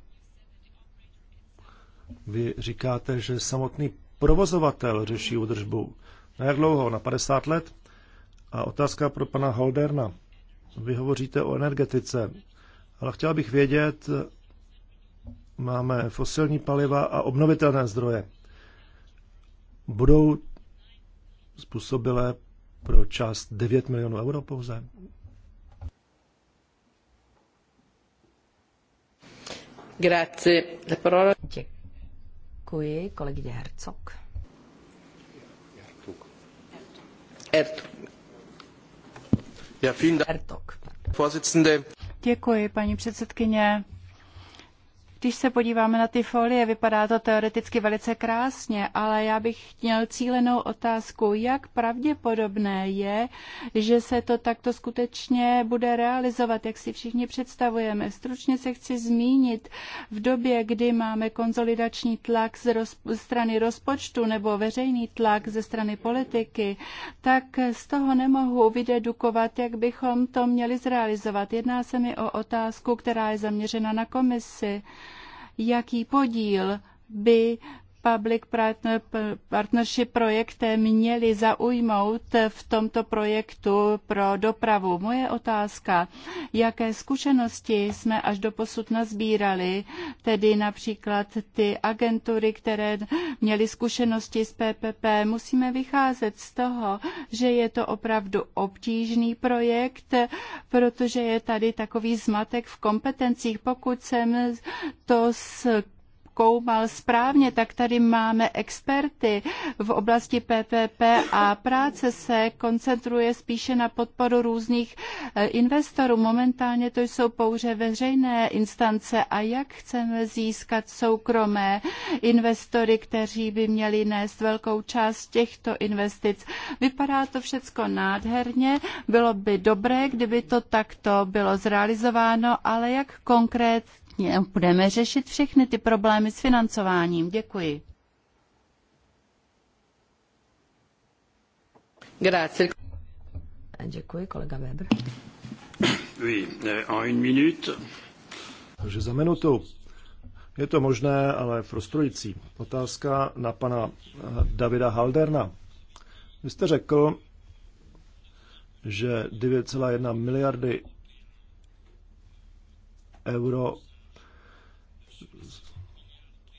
Vy říkáte, že samotný provozovatel řeší údržbu. Na jak dlouho? Na 50 let? A otázka pro pana Holderna. Vy hovoříte o energetice, ale chtěl bych vědět, máme fosilní paliva a obnovitelné zdroje. Budou způsobilé pro část 9 milionů euro pouze? Děkuji, kolegyně Hercog. Hertog. Děkuji, paní předsedkyně. Když se podíváme na ty folie, vypadá to teoreticky velice krásně, ale já bych měl cílenou otázku, jak pravděpodobné je, že se to takto skutečně bude realizovat, jak si všichni představujeme. Stručně se chci zmínit v době, kdy máme konzolidační tlak z roz, strany rozpočtu nebo veřejný tlak ze strany politiky, tak z toho nemohu vydedukovat, jak bychom to měli zrealizovat. Jedná se mi o otázku, která je zaměřena na komisi jaký podíl by public partnership projektem měli zaujmout v tomto projektu pro dopravu. Moje otázka, jaké zkušenosti jsme až do posud nazbírali, tedy například ty agentury, které měly zkušenosti s PPP, musíme vycházet z toho, že je to opravdu obtížný projekt, protože je tady takový zmatek v kompetencích. Pokud jsem to s zkoumal správně, tak tady máme experty v oblasti PPP a práce se koncentruje spíše na podporu různých eh, investorů. Momentálně to jsou pouze veřejné instance a jak chceme získat soukromé investory, kteří by měli nést velkou část těchto investic. Vypadá to všecko nádherně, bylo by dobré, kdyby to takto bylo zrealizováno, ale jak konkrétně budeme řešit všechny ty problémy s financováním. Děkuji. Grazie. Děkuji, kolega Weber. Oui, eh, en une minute. Takže za minutu. Je to možné, ale frustrující. Otázka na pana eh, Davida Halderna. Vy jste řekl, že 9,1 miliardy euro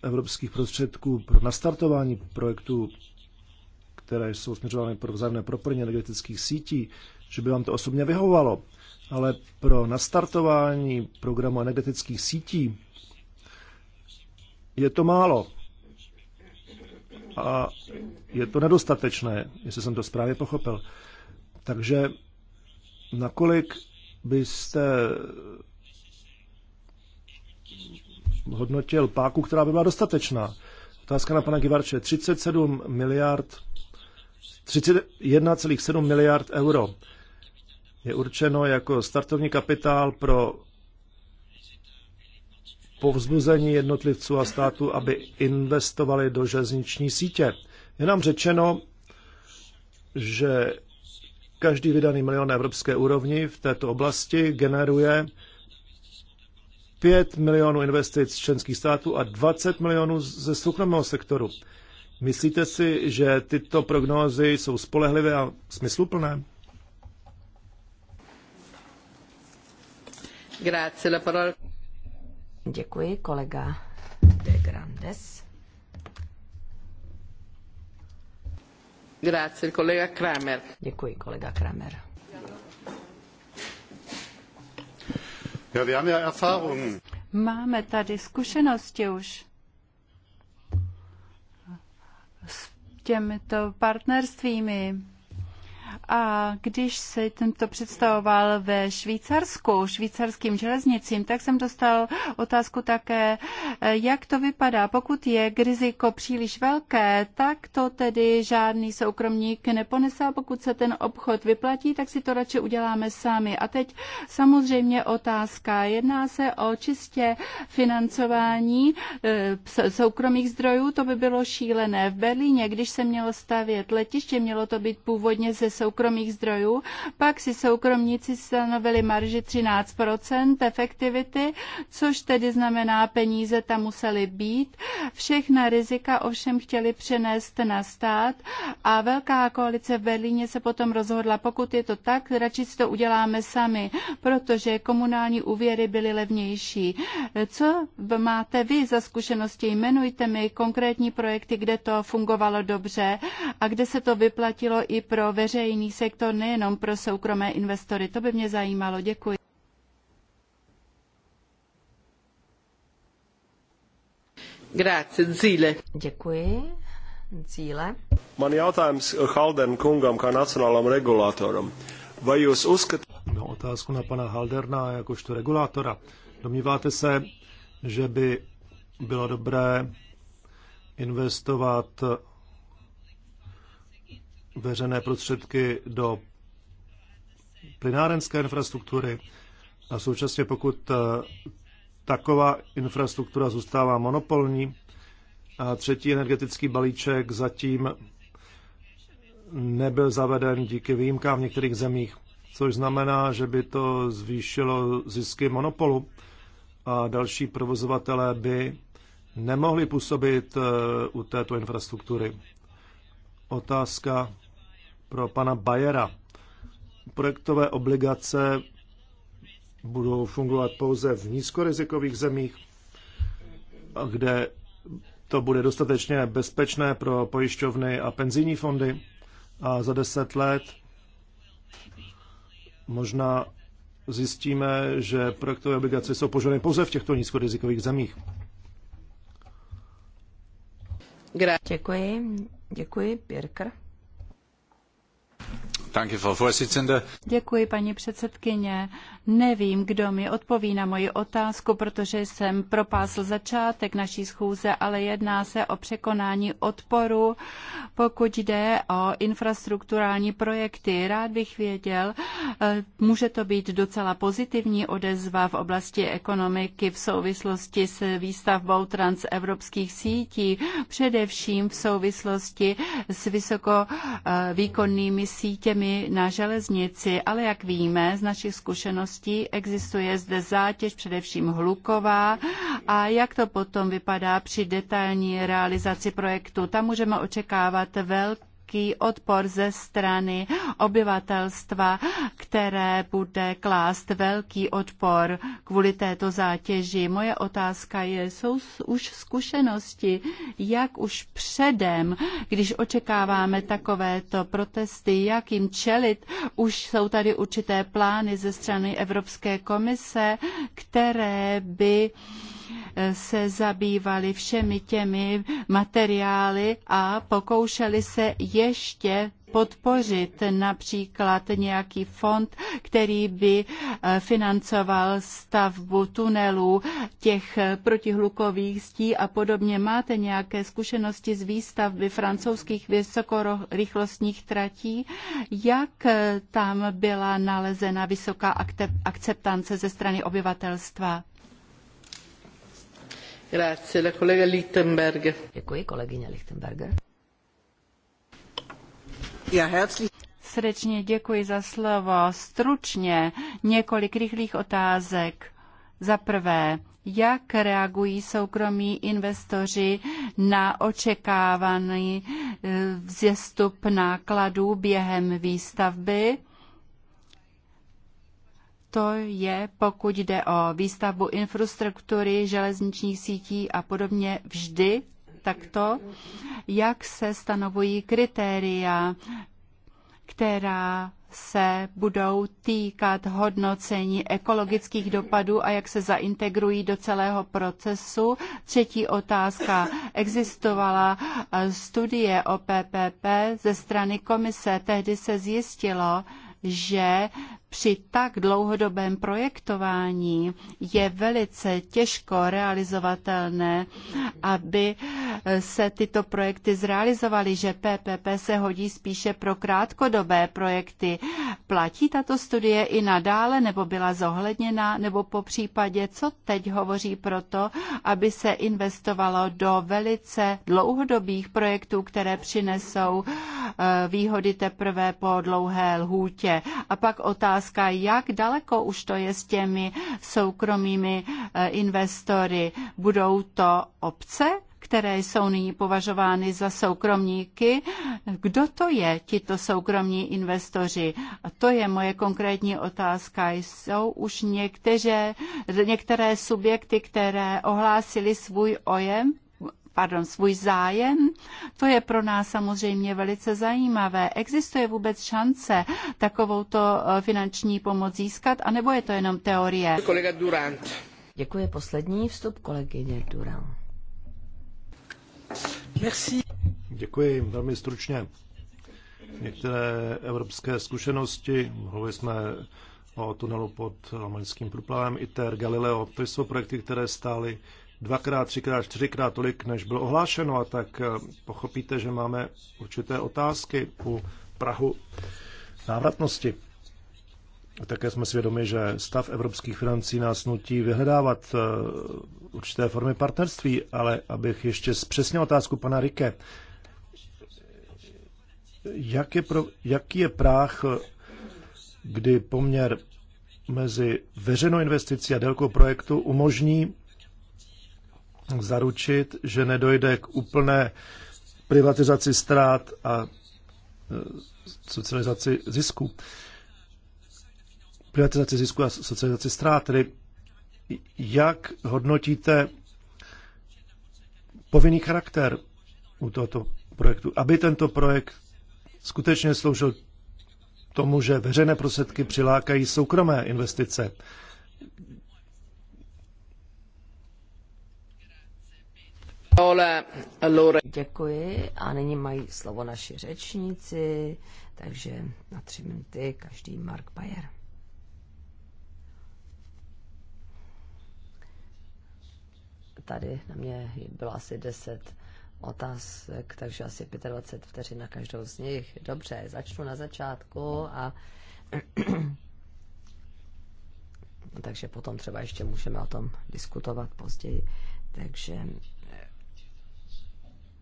evropských prostředků pro nastartování projektů, které jsou směřovány pro vzájemné propojení energetických sítí, že by vám to osobně vyhovovalo, ale pro nastartování programu energetických sítí je to málo. A je to nedostatečné, jestli jsem to správně pochopil. Takže nakolik byste hodnotě páku, která by byla dostatečná. Otázka na pana Givarče. 37 miliard, 31,7 miliard euro je určeno jako startovní kapitál pro povzbuzení jednotlivců a států, aby investovali do železniční sítě. Je nám řečeno, že každý vydaný milion na evropské úrovni v této oblasti generuje 5 milionů investic z členských států a 20 milionů ze soukromého sektoru. Myslíte si, že tyto prognózy jsou spolehlivé a smysluplné? Děkuji, kolega De Grandes. Grazie, kolega Kramer. Děkuji, kolega Kramer. Ja, wir haben ja Erfahrungen. Máme tady zkušenosti už s těmito partnerstvími. A když se tento představoval ve Švýcarsku, švýcarským železnicím, tak jsem dostal otázku také, jak to vypadá. Pokud je riziko příliš velké, tak to tedy žádný soukromník neponese. A pokud se ten obchod vyplatí, tak si to radši uděláme sami. A teď samozřejmě otázka. Jedná se o čistě financování eh, soukromých zdrojů. To by bylo šílené. V Berlíně, když se mělo stavět letiště, mělo to být původně ze soukromých zdrojů. Pak si soukromníci stanovili marži 13 efektivity, což tedy znamená, peníze tam musely být. Všechna rizika ovšem chtěli přenést na stát a velká koalice v Berlíně se potom rozhodla, pokud je to tak, radši si to uděláme sami, protože komunální úvěry byly levnější. Co máte vy za zkušenosti? Jmenujte mi konkrétní projekty, kde to fungovalo dobře a kde se to vyplatilo i pro veřejné veřejný sektor, nejenom pro soukromé investory. To by mě zajímalo. Děkuji. Grazie, Zile. Děkuji. Zile. Man jautājums Halden kungam kā nacionālam regulātoram. Vai jūs uzskat... No, otázku na pana Halderna jakožto regulátora. Domníváte se, že by bylo dobré investovat veřejné prostředky do plynárenské infrastruktury a současně pokud eh, taková infrastruktura zůstává monopolní, a třetí energetický balíček zatím nebyl zaveden díky výjimkám v některých zemích, což znamená, že by to zvýšilo zisky monopolu a další provozovatelé by nemohli působit eh, u této infrastruktury otázka pro pana Bayera. Projektové obligace budou fungovat pouze v nízkorizikových zemích, kde to bude dostatečně bezpečné pro pojišťovny a penzijní fondy a za deset let možná zjistíme, že projektové obligace jsou požadovány pouze v těchto nízkorizikových zemích. Děkuji. Děkuji, Pirker. Děkuji, paní předsedkyně. Nevím, kdo mi odpoví na moji otázku, protože jsem propásl začátek naší schůze, ale jedná se o překonání odporu, pokud jde o infrastrukturální projekty. Rád bych věděl, eh, může to být docela pozitivní odezva v oblasti ekonomiky v souvislosti s výstavbou transevropských sítí, především v souvislosti s vysokovýkonnými eh, sítěmi problémy na železnici, ale jak víme z našich zkušeností, existuje zde zátěž především hluková a jak to potom vypadá při detailní realizaci projektu. Tam můžeme očekávat velké velký odpor ze strany obyvatelstva, které bude klást velký odpor kvůli této zátěži. Moje otázka je, jsou už zkušenosti, jak už předem, když očekáváme takovéto protesty, jak jim čelit, už jsou tady určité plány ze strany Evropské komise, které by eh, se zabývali všemi těmi materiály a pokoušeli se je ještě podpořit například nějaký fond, který by eh, financoval stavbu tunelů, těch eh, protihlukových stí a podobně. Máte nějaké zkušenosti z výstavby francouzských vysokorychlostních tratí? Jak eh, tam byla nalezena vysoká akceptance ze strany obyvatelstva? Grazie, la collega Lichtenberger. Děkuji, kolegyně Lichtenberger. Srdečně děkuji za slovo. Stručně několik rychlých otázek. Za prvé, jak reagují soukromí investoři na očekávaný eh, vzestup nákladů během výstavby? To je, pokud jde o výstavbu infrastruktury, železničních sítí a podobně, vždy takto, jak se stanovují kritéria, která se budou týkat hodnocení ekologických dopadů a jak se zaintegrují do celého procesu. Třetí otázka. Existovala eh, studie o PPP ze strany komise. Tehdy se zjistilo, že při tak dlouhodobém projektování je velice těžko realizovatelné, aby se tyto projekty zrealizovaly, že PPP se hodí spíše pro krátkodobé projekty. Platí tato studie i nadále, nebo byla zohledněna, nebo po případě, co teď hovoří proto, aby se investovalo do velice dlouhodobých projektů, které přinesou eh, výhody teprve po dlouhé lhůtě. A pak otázka, otázka, jak daleko už to je s těmi soukromými eh, investory. Budou to obce, které jsou nyní považovány za soukromníky. Kdo to je, tito soukromní investoři? A to je moje konkrétní otázka. Jsou už někteře, některé subjekty, které ohlásili svůj ojem, pardon, svůj zájem. To je pro nás samozřejmě velice zajímavé. Existuje vůbec šance takovouto eh, finanční pomoc získat, anebo je to jenom teorie? Kolega Durant. Děkuji. Poslední vstup kolegyně Durant. Merci. Děkuji. Velmi stručně. Některé evropské zkušenosti, mluvili jsme o tunelu pod Lomaňským průplavem, ITER, Galileo, to jsou projekty, které stály dvakrát, třikrát, čtyřikrát tolik, než bylo ohlášeno, a tak eh, pochopíte, že máme určité otázky u Prahu návratnosti. A také jsme svědomi, že stav evropských financí nás nutí vyhledávat eh, určité formy partnerství, ale abych ještě zpřesnil otázku pana Rike. Jak je pro, jaký je práh, kdy poměr mezi veřejnou investicí a délkou projektu umožní zaručit, že nedojde k úplné privatizaci ztrát a e, socializaci zisku. Privatizaci zisku a socializaci ztrát, tedy jak hodnotíte povinný charakter u tohoto projektu, aby tento projekt skutečně sloužil tomu, že veřejné prostředky přilákají soukromé investice Děkuji a nyní mají slovo naši řečníci, takže na tři minuty každý Mark Bayer. Tady na mě bylo asi deset otázek, takže asi 25 vteřin na každou z nich. Dobře, začnu na začátku a takže potom třeba ještě můžeme o tom diskutovat později. Takže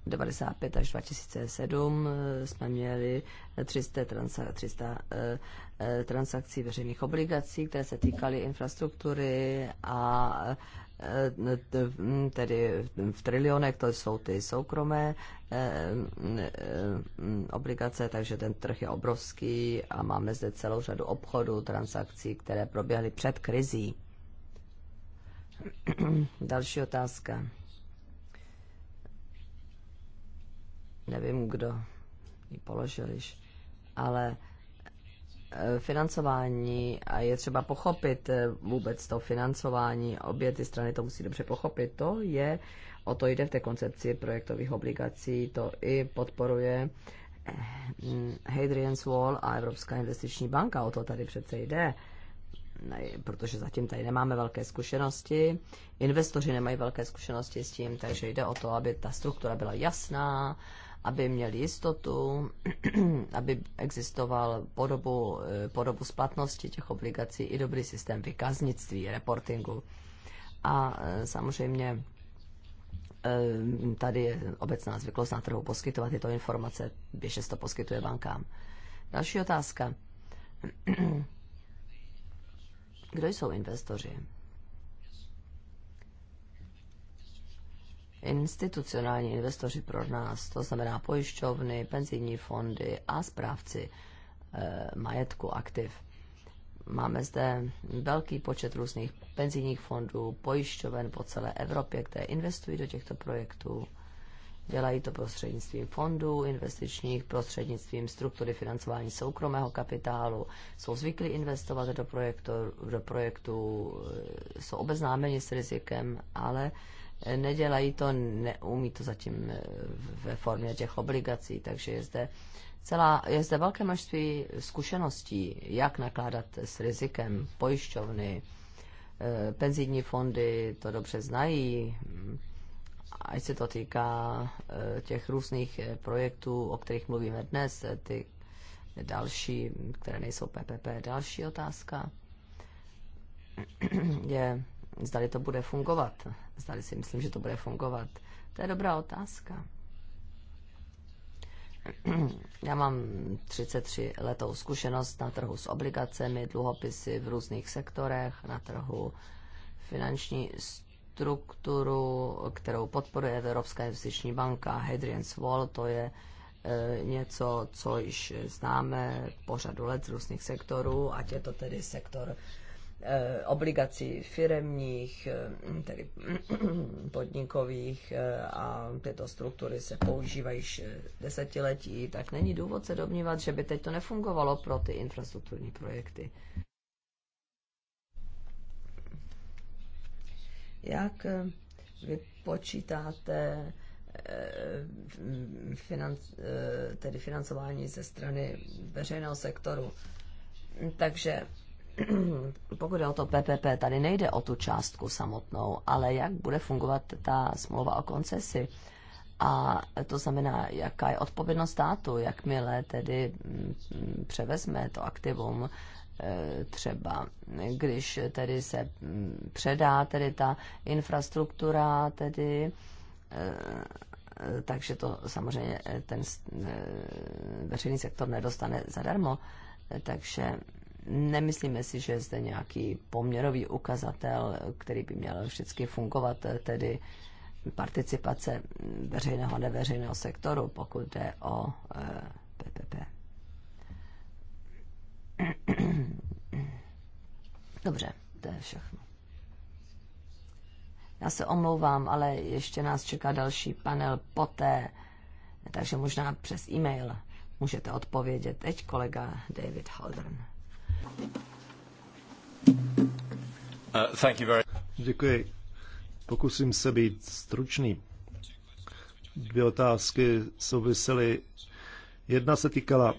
95 až 2007 eh, jsme měli 300, transa- 300 eh, eh, transakcí veřejných obligací, které se týkaly infrastruktury a tedy v trilionech, to jsou ty soukromé obligace, takže ten trh je obrovský a máme zde celou řadu obchodů, transakcí, které proběhly před krizí. Další otázka. nevím, kdo ji položil již, ale e, financování a je třeba pochopit e, vůbec to financování, obě ty strany to musí dobře pochopit, to je, o to jde v té koncepci projektových obligací, to i podporuje eh, Hadrian's Wall a Evropská investiční banka, o to tady přece jde protože zatím tady nemáme velké zkušenosti, investoři nemají velké zkušenosti s tím, takže jde o to, aby ta struktura byla jasná, aby měli jistotu, aby existoval podobu, eh, podobu splatnosti těch obligací i dobrý systém vykaznictví, reportingu. A eh, samozřejmě eh, tady je obecná zvyklost na trhu poskytovat tyto informace, běžně to poskytuje bankám. Další otázka. Kdo jsou investoři? institucionální investoři pro nás, to znamená pojišťovny, penzijní fondy a správci e, majetku aktiv. Máme zde velký počet různých penzijních fondů, pojišťoven po celé Evropě, které investují do těchto projektů. Dělají to prostřednictvím fondů investičních, prostřednictvím struktury financování soukromého kapitálu, jsou zvyklí investovat do, projektu, do projektu eh, jsou obeznámeni s rizikem, ale uh, nedělají to, neumí to zatím eh, ve formě těch obligací, takže je zde celá, je zde velké množství zkušeností, jak nakládat s rizikem pojišťovny, eh, penzijní fondy to dobře znají, ať se to týká eh, těch různých projektů, o kterých mluvíme dnes, ty další, které nejsou PPP. Další otázka je zdali to bude fungovat. Zdali si myslím, že to bude fungovat. To je dobrá otázka. Já mám 33 letou zkušenost na trhu s obligacemi, dluhopisy v různých sektorech, na trhu finanční strukturu, kterou podporuje Evropská investiční banka Hadrian Wall, to je e, něco, co již známe po řadu let z různých sektorů, ať je to tedy sektor Eh, obligací firemních, eh, tedy podnikových eh, a tyto struktury se používají desetiletí, tak není důvod se domnívat, že by teď to nefungovalo pro ty infrastrukturní projekty. Jak vy počítáte financ, tedy financování ze strany veřejného sektoru? Takže pokud je o to PPP, tady nejde o tu částku samotnou, ale jak bude fungovat ta smlouva o koncesi. A to znamená, jaká je odpovědnost státu, jakmile tedy mm, převezme to aktivum e, třeba, když tedy se mm, předá tedy ta infrastruktura, tedy e, e, takže to samozřejmě ten veřejný sektor nedostane zadarmo. Takže Nemyslíme si, že je zde nějaký poměrový ukazatel, který by měl vždycky fungovat, tedy participace veřejného a neveřejného sektoru, pokud jde o PPP. Eh, Dobře, to je všechno. Já se omlouvám, ale ještě nás čeká další panel poté, takže možná přes e-mail můžete odpovědět. Teď kolega David Haldern. Uh, Děkuji. Pokusím se být stručný. Dvě otázky souvisely. Jedna se týkala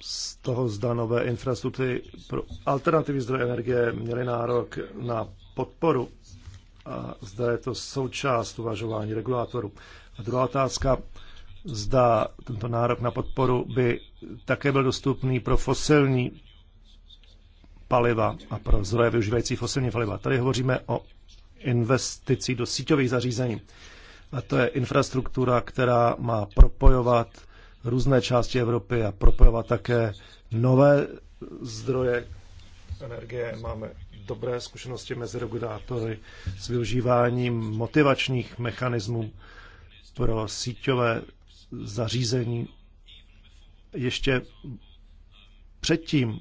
z toho zda nové infrastruktury pro alternativní zdroje energie měly nárok na podporu. A zda je to součást uvažování regulátorů. A druhá otázka, zda tento nárok na podporu by také byl dostupný pro fosilní paliva a pro zdroje využívající fosilní paliva. Tady hovoříme o investicí do síťových zařízení. A to je infrastruktura, která má propojovat různé části Evropy a propojovat také nové zdroje energie. Máme dobré zkušenosti mezi regulátory s využíváním motivačních mechanismů pro síťové zařízení ještě předtím,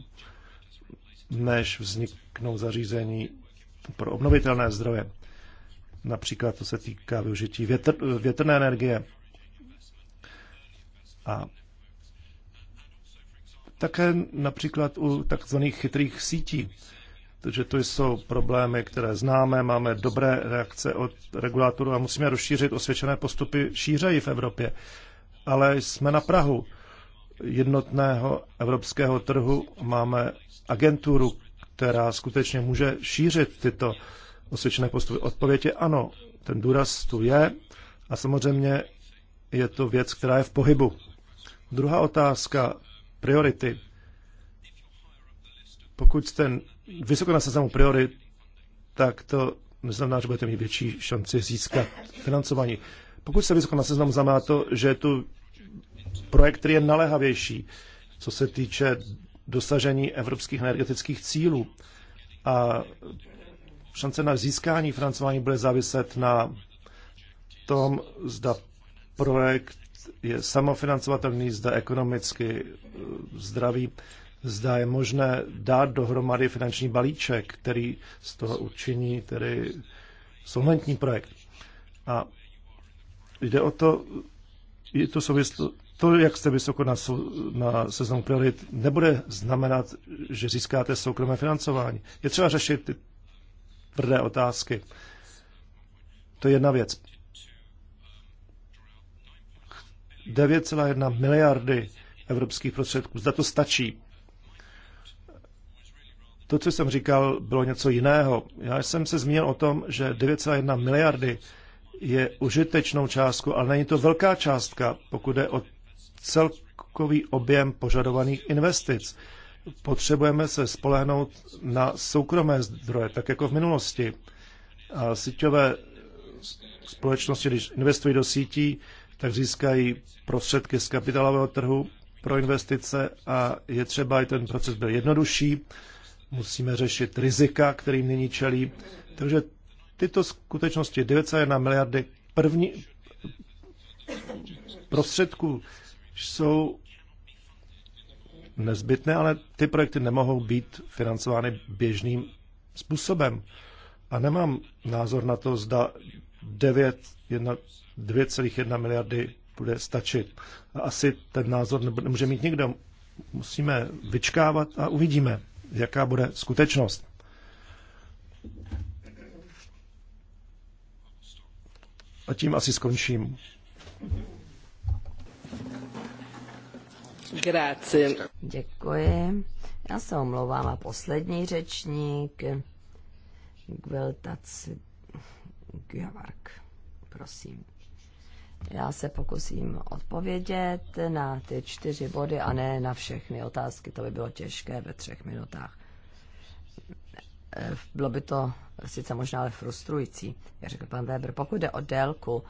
než vzniknou zařízení pro obnovitelné zdroje. Například to se týká využití větr, větrné energie. A také například u takzvaných chytrých sítí. Takže to jsou problémy, které známe, máme dobré reakce od regulátorů a musíme rozšířit osvědčené postupy šířeji v Evropě. Ale jsme na Prahu jednotného evropského trhu máme agenturu, která skutečně může šířit tyto osvědčené postupy. Odpověď je ano, ten důraz tu je a samozřejmě je to věc, která je v pohybu. Druhá otázka, priority. Pokud jste vysoko na seznamu priorit, tak to neznamená, že budete mít větší šanci získat financování. Pokud jste vysoko na seznamu, znamená to, že je tu projekt, který je naléhavější, co se týče dosažení evropských energetických cílů. A šance na získání financování bude záviset na tom, zda projekt je samofinancovatelný, zda ekonomicky eh, zdravý, zda je možné dát dohromady finanční balíček, který z toho učiní tedy solventní projekt. A jde o to, je to souvislost, to, jak jste vysoko na, na seznamu priorit, nebude znamenat, že získáte soukromé financování. Je třeba řešit ty tvrdé otázky. To je jedna věc. 9,1 miliardy evropských prostředků. Zda to stačí. To, co jsem říkal, bylo něco jiného. Já jsem se zmínil o tom, že 9,1 miliardy je užitečnou částku, ale není to velká částka, pokud je o celkový objem požadovaných investic. Potřebujeme se spolehnout na soukromé zdroje, tak jako v minulosti. A síťové společnosti, když investují do sítí, tak získají prostředky z kapitálového trhu pro investice a je třeba, i ten proces byl jednodušší, musíme řešit rizika, kterým nyní čelí. Takže tyto skutečnosti 9,1 miliardy první prostředků jsou nezbytné, ale ty projekty nemohou být financovány běžným způsobem. A nemám názor na to, zda 2,1 miliardy bude stačit. A asi ten názor nemůže mít nikdo. Musíme vyčkávat a uvidíme, jaká bude skutečnost. A tím asi skončím. Grazie. Děkuji. Já se omlouvám a poslední řečník Gveltac Gjavark. Prosím. Já se pokusím odpovědět na ty čtyři body a ne na všechny otázky. To by bylo těžké ve třech minutách. E, bylo by to sice možná ale frustrující, jak řekl pan Weber. Pokud jde o délku,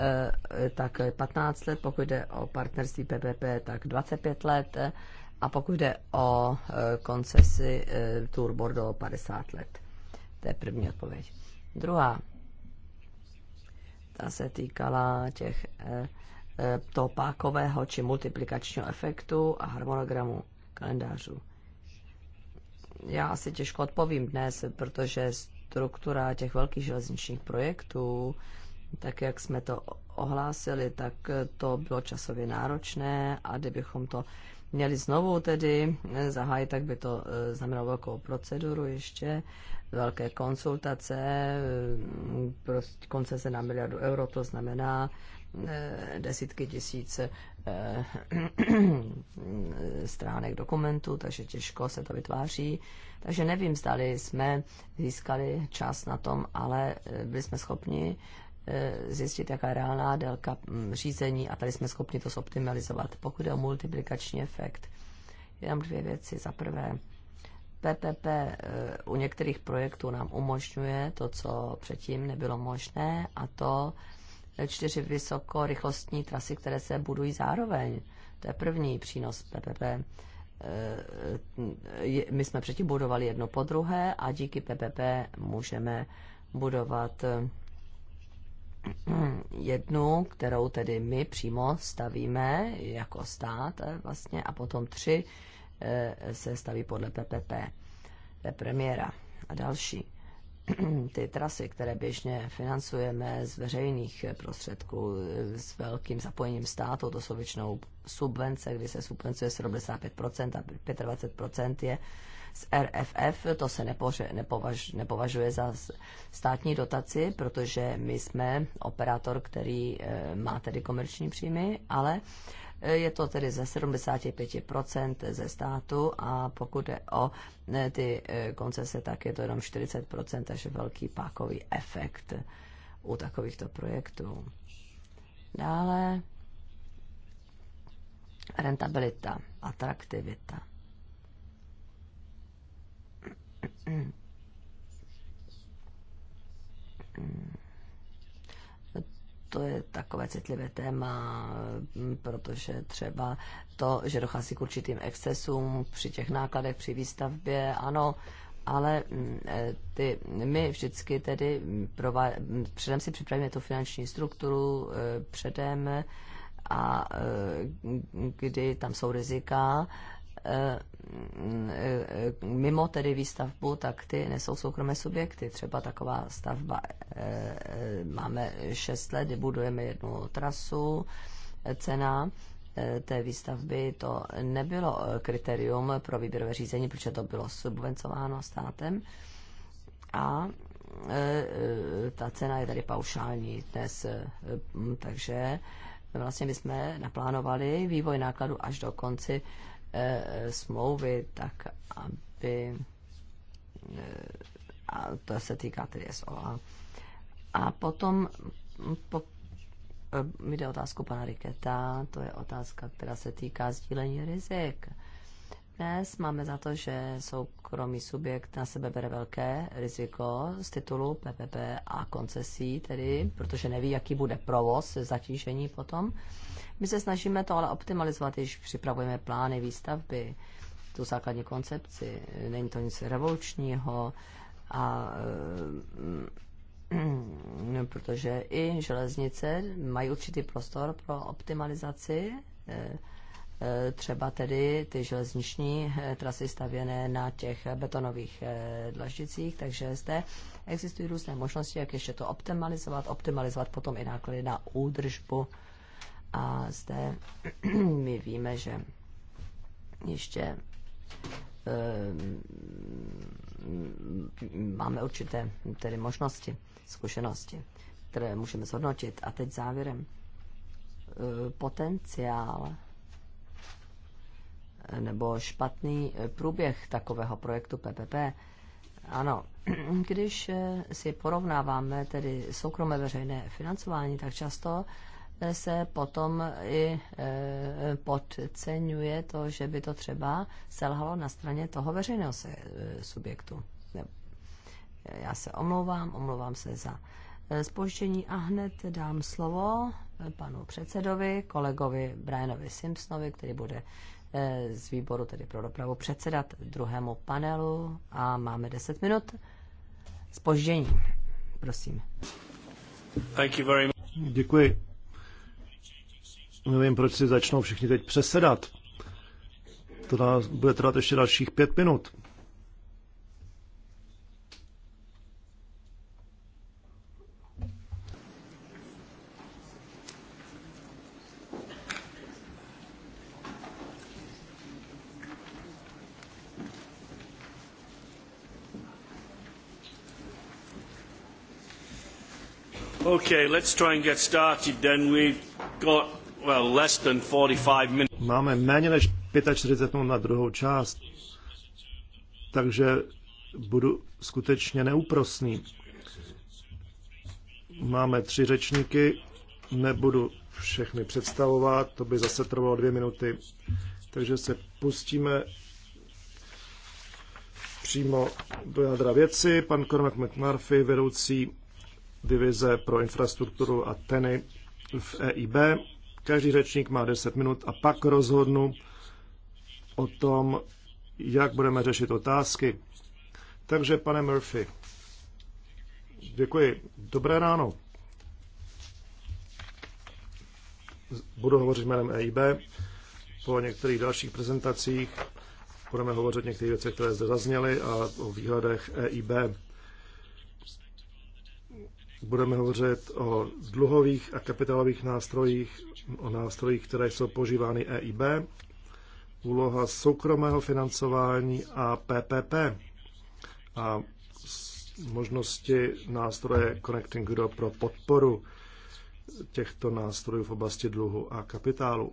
Eh, tak 15 let, pokud jde o partnerství PPP, tak 25 let eh, a pokud jde o eh, koncesi Tour Bordeaux 50 let. To je první odpověď. Druhá, ta se týkala těch toho pákového či multiplikačního efektu a harmonogramu kalendářů. Já asi těžko odpovím dnes, protože struktura těch velkých železničních projektů tak jak jsme to ohlásili, tak to bylo časově náročné a kdybychom to měli znovu tedy zahájit, tak by to eh, znamenalo velkou proceduru ještě, velké konsultace, eh, prostě koncese na miliardu euro, to znamená eh, desítky tisíc stránek dokumentů, takže těžko se to vytváří. Takže nevím, zdali jsme získali čas na tom, ale byli jsme schopni E, zjistit, jaká je reálná délka řízení a tady jsme schopni to zoptimalizovat. Pokud je o multiplikační efekt, jenom dvě věci. Za prvé, PPP e, u některých projektů nám umožňuje to, co předtím nebylo možné, a to čtyři vysokorychlostní trasy, které se budují zároveň. To je první přínos PPP. E, my jsme předtím budovali jedno po druhé a díky PPP můžeme budovat Hmm, jednu, kterou tedy my přímo stavíme jako stát eh, vlastně a potom tři eh, se staví podle PPP eh, premiéra a další. Ty trasy, které běžně financujeme z veřejných prostředků s velkým zapojením státu, to jsou většinou subvence, kdy se subvencuje 75% a 25% je z RFF. To se nepoře, nepovaž, nepovažuje za státní dotaci, protože my jsme operátor, který eh, má tedy komerční příjmy, ale eh, je to tedy ze 75% ze státu a pokud je o eh, ty koncese, tak je to jenom 40%, takže velký pákový efekt u takovýchto projektů. Dále rentabilita, atraktivita to je takové citlivé téma, protože třeba to, že dochází k určitým excesům při těch nákladech, při výstavbě, ano, ale mm, eh, ty, my vždycky tedy prová, předem si připravíme tu finanční strukturu, eh, předem a eh, kdy tam jsou rizika, Eh, eh, mimo tedy výstavbu, tak ty nesou soukromé subjekty. Třeba taková stavba, eh, máme šest let, budujeme jednu trasu, cena té výstavby to nebylo kritérium pro výběrové řízení, protože to bylo subvencováno státem a ta cena je tady paušální dnes, takže vlastně my jsme naplánovali vývoj nákladu až do konci Eh, smlouvy, tak aby eh, a to se týká tedy SOA. A potom po, eh, jde otázku pana Riketa, to je otázka, která se týká sdílení rizik. Dnes máme za to, že soukromý subjekt na sebe bere velké riziko z titulu PPP a koncesí, tedy, protože neví, jaký bude provoz, zatížení potom. My se snažíme to ale optimalizovat, když připravujeme plány výstavby, tu základní koncepci. Není to nic revolučního a eh, no, protože i železnice mají určitý prostor pro optimalizaci eh, Eh, třeba tedy ty železniční eh, trasy stavěné na těch betonových eh, dlaždicích, takže zde existují různé možnosti, jak ještě to optimalizovat, optimalizovat potom i náklady na údržbu. A zde my víme, že ještě máme určité tedy možnosti, zkušenosti, které můžeme zhodnotit. A teď závěrem. Potenciál nebo špatný průběh takového projektu PPP. Ano, když si porovnáváme tedy soukromé veřejné financování, tak často se potom i e, podceňuje to, že by to třeba selhalo na straně toho veřejného e, subjektu. Já se omlouvám, omlouvám se za spoštění e, a hned dám slovo panu předsedovi, kolegovi Brianovi Simpsonovi, který bude Eh, z výboru tedy pro dopravu předsedat druhému panelu a máme 10 minut spoždění. Prosím. Thank you very much. Děkuji. Nevím, proč si začnou všichni teď přesedat. To nás bude trvat ještě dalších pět minut. Okay, let's try and get started then. We've got, well, less than 45 minutes. Máme méně než 45 minut na druhou část, takže budu skutečně neúprosný. Máme tři řečníky, nebudu všechny představovat, to by zase trvalo dvě minuty. Takže se pustíme přímo do jádra věci. Pan Cormac McMurphy, vedoucí divize pro infrastrukturu a TENy v EIB. Každý řečník má 10 minut a pak rozhodnu o tom, jak budeme řešit otázky. Takže, pane Murphy, děkuji. Dobré ráno. Budu hovořit jménem EIB. Po některých dalších prezentacích budeme hovořit o některých věcech, které zde zazněly a o výhledech EIB budeme hovořit o dluhových a kapitálových nástrojích, o nástrojích, které jsou požívány EIB, úloha soukromého financování a PPP a možnosti nástroje Connecting Europe pro podporu těchto nástrojů v oblasti dluhu a kapitálu.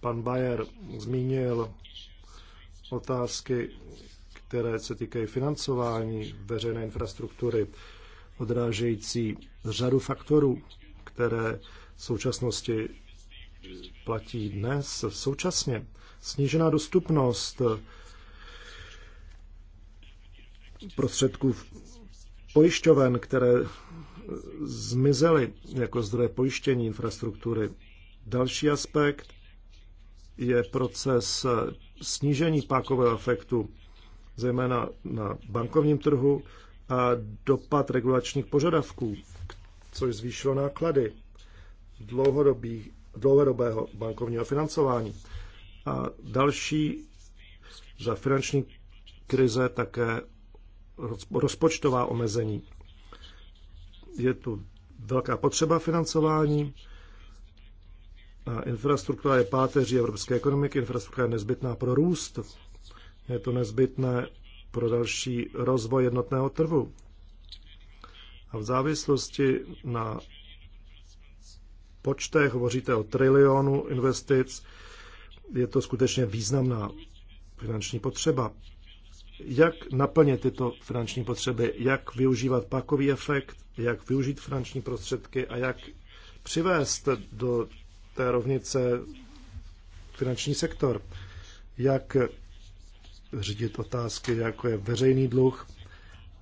Pan Bayer zmínil otázky, které se týkají financování veřejné infrastruktury, odrážející řadu faktorů, které v současnosti platí dnes. Současně snížená dostupnost prostředků pojišťoven, které zmizely jako zdroje pojištění infrastruktury. Další aspekt je proces snížení pákového efektu, zejména na bankovním trhu, a dopad regulačních požadavků, což zvýšilo náklady dlouhodobého bankovního financování. A další za finanční krize také rozpočtová omezení. Je tu velká potřeba financování a infrastruktura je páteří evropské ekonomiky, infrastruktura je nezbytná pro růst, je to nezbytné pro další rozvoj jednotného trhu. A v závislosti na počtech, hovoříte o trilionu investic, je to skutečně významná finanční potřeba. Jak naplnit tyto finanční potřeby, jak využívat pakový efekt, jak využít finanční prostředky a jak přivést do té rovnice finanční sektor. Jak řídit otázky, jako je veřejný dluh,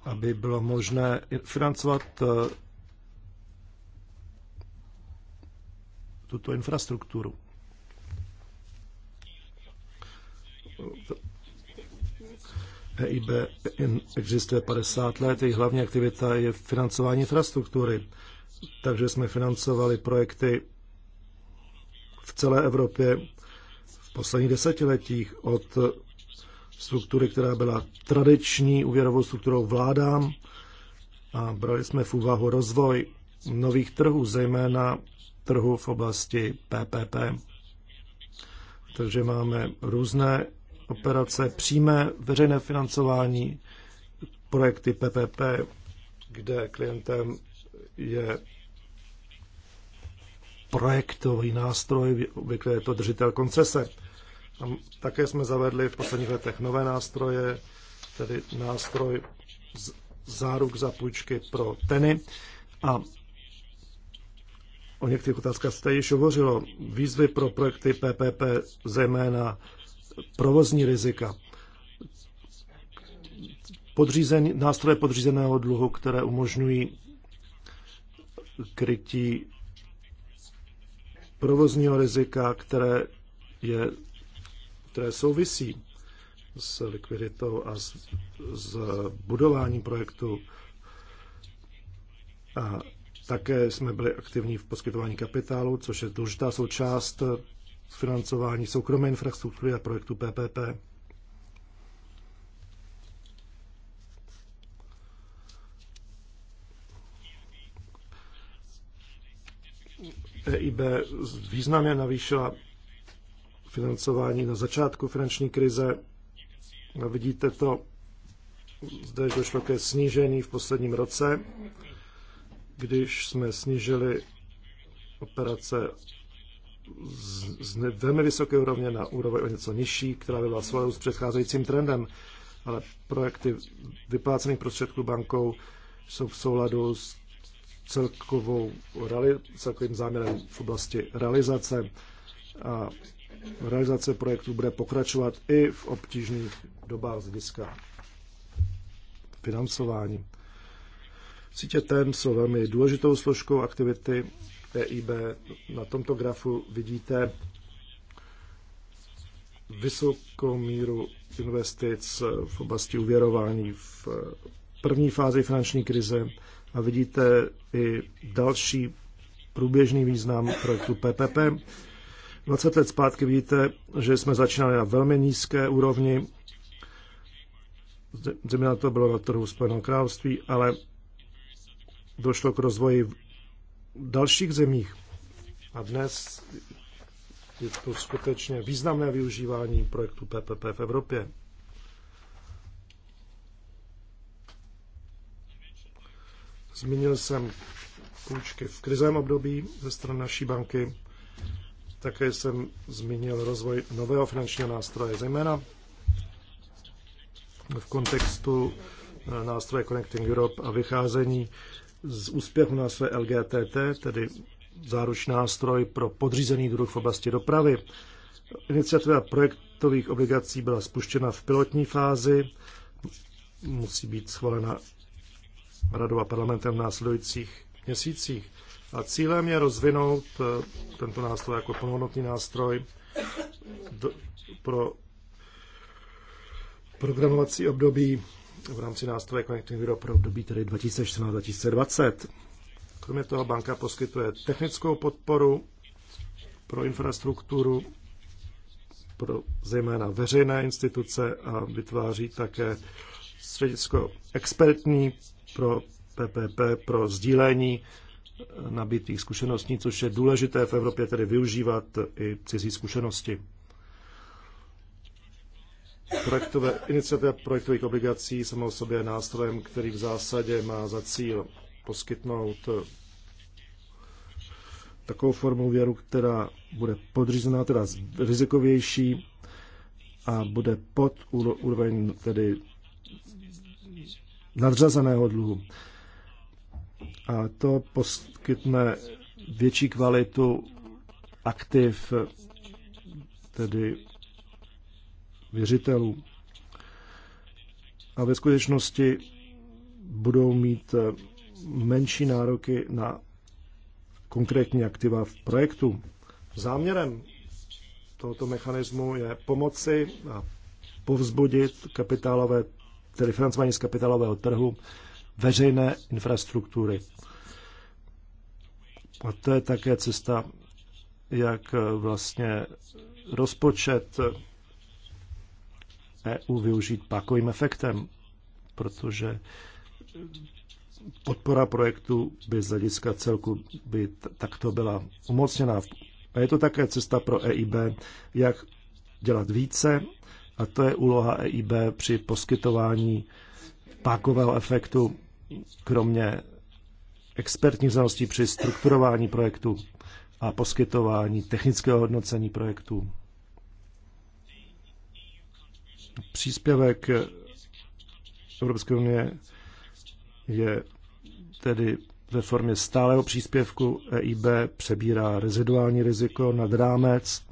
aby bylo možné financovat eh, tuto infrastrukturu. EIB existuje 50 let, jejich hlavní aktivita je financování infrastruktury. Takže jsme financovali projekty v celé Evropě v posledních desetiletích od struktury, která byla tradiční úvěrovou strukturou vládám a brali jsme v úvahu rozvoj nových trhů, zejména trhu v oblasti PPP. Takže máme různé operace, přímé veřejné financování, projekty PPP, kde klientem je projektový nástroj, obvykle je to držitel koncese. Tam také jsme zavedli v posledních letech nové nástroje, tedy nástroj záruk za půjčky pro teny. A o některých otázkách jste již hovořilo. Výzvy pro projekty PPP, zejména provozní rizika. nástroje podřízeného dluhu, které umožňují krytí provozního rizika, které, je, které souvisí s likviditou a s, s budováním projektu. A také jsme byli aktivní v poskytování kapitálu, což je důležitá součást financování soukromé infrastruktury a projektu PPP. EIB významně navýšila financování na začátku finanční krize. A vidíte to, zde došlo ke snížení v posledním roce, když jsme snížili operace z, z velmi vysoké úrovně na úroveň o něco nižší, která byla svou s předcházejícím trendem, ale projekty vyplácených prostředků bankou jsou v souladu s celkovou reali, celkovým záměrem v oblasti realizace. A realizace projektu bude pokračovat i v obtížných dobách z hlediska financování. Sítě TEM jsou velmi důležitou složkou aktivity EIB. Na tomto grafu vidíte vysokou míru investic v oblasti uvěrování v první fázi finanční krize a vidíte i další průběžný význam projektu PPP. 20 let zpátky vidíte, že jsme začínali na velmi nízké úrovni, Zeměna to bylo na trhu Spojeného království, ale došlo k rozvoji v dalších zemích. A dnes je to skutečně významné využívání projektu PPP v Evropě. Zmínil jsem půjčky v krizém období ze strany naší banky. Také jsem zmínil rozvoj nového finančního nástroje, zejména v kontextu eh, nástroje Connecting Europe a vycházení z úspěchu své LGTT, tedy záruční nástroj pro podřízený druh v oblasti dopravy. Iniciativa projektových obligací byla spuštěna v pilotní fázi, musí být schválena radou a parlamentem v následujících měsících. A cílem je rozvinout eh, tento nástroj jako plnohodnotný nástroj do, pro programovací období v rámci nástroje Connecting Europe pro období tedy 2014-2020. Kromě toho banka poskytuje technickou podporu pro infrastrukturu, pro zejména veřejné instituce a vytváří také středisko expertní pro PPP, pro sdílení nabitých zkušeností, což je důležité v Evropě tedy využívat i cizí zkušenosti. Projektové, iniciativa projektových obligací sama o sobě je nástrojem, který v zásadě má za cíl poskytnout takovou formu věru, která bude podřízená, teda rizikovější a bude pod úroveň tedy nadřazeného dluhu. A to poskytne větší kvalitu aktiv, tedy věřitelů. A ve skutečnosti budou mít menší nároky na konkrétní aktiva v projektu. Záměrem tohoto mechanismu je pomoci a povzbudit kapitálové tedy financování z kapitálového trhu, veřejné infrastruktury. A to je také cesta, jak vlastně rozpočet EU využít pakovým efektem, protože podpora projektu by z hlediska celku by takto byla umocněná. A je to také cesta pro EIB, jak dělat více a to je úloha EIB při poskytování pákového efektu, kromě expertních znalostí při strukturování projektu a poskytování technického hodnocení projektu. Příspěvek Evropské unie je tedy ve formě stálého příspěvku EIB přebírá reziduální riziko nad rámec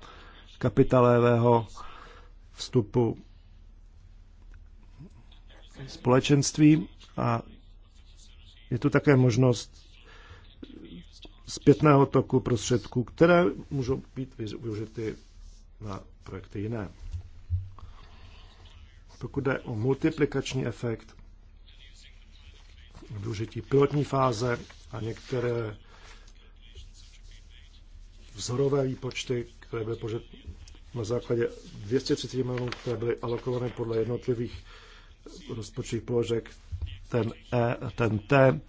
kapitálového vstupu společenství a je tu také možnost zpětného toku prostředků, které můžou být využity na projekty jiné. Pokud jde o multiplikační efekt, využití pilotní fáze a některé vzorové výpočty, které byly na základě 230 milionů, které byly alokované podle jednotlivých rozpočtových položek, ten E, ten T.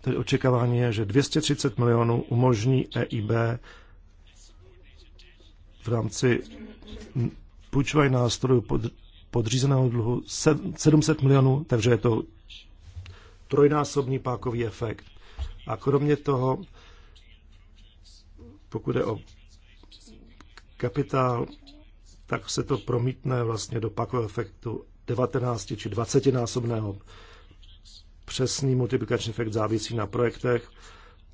Tedy očekávání je, že 230 milionů umožní EIB v rámci půjčování nástrojů pod, podřízeného dluhu 700 milionů, takže je to trojnásobný pákový efekt. A kromě toho, pokud je o kapitál, tak se to promítne vlastně do pakového efektu 19 či 20 násobného. Přesný multiplikační efekt závisí na projektech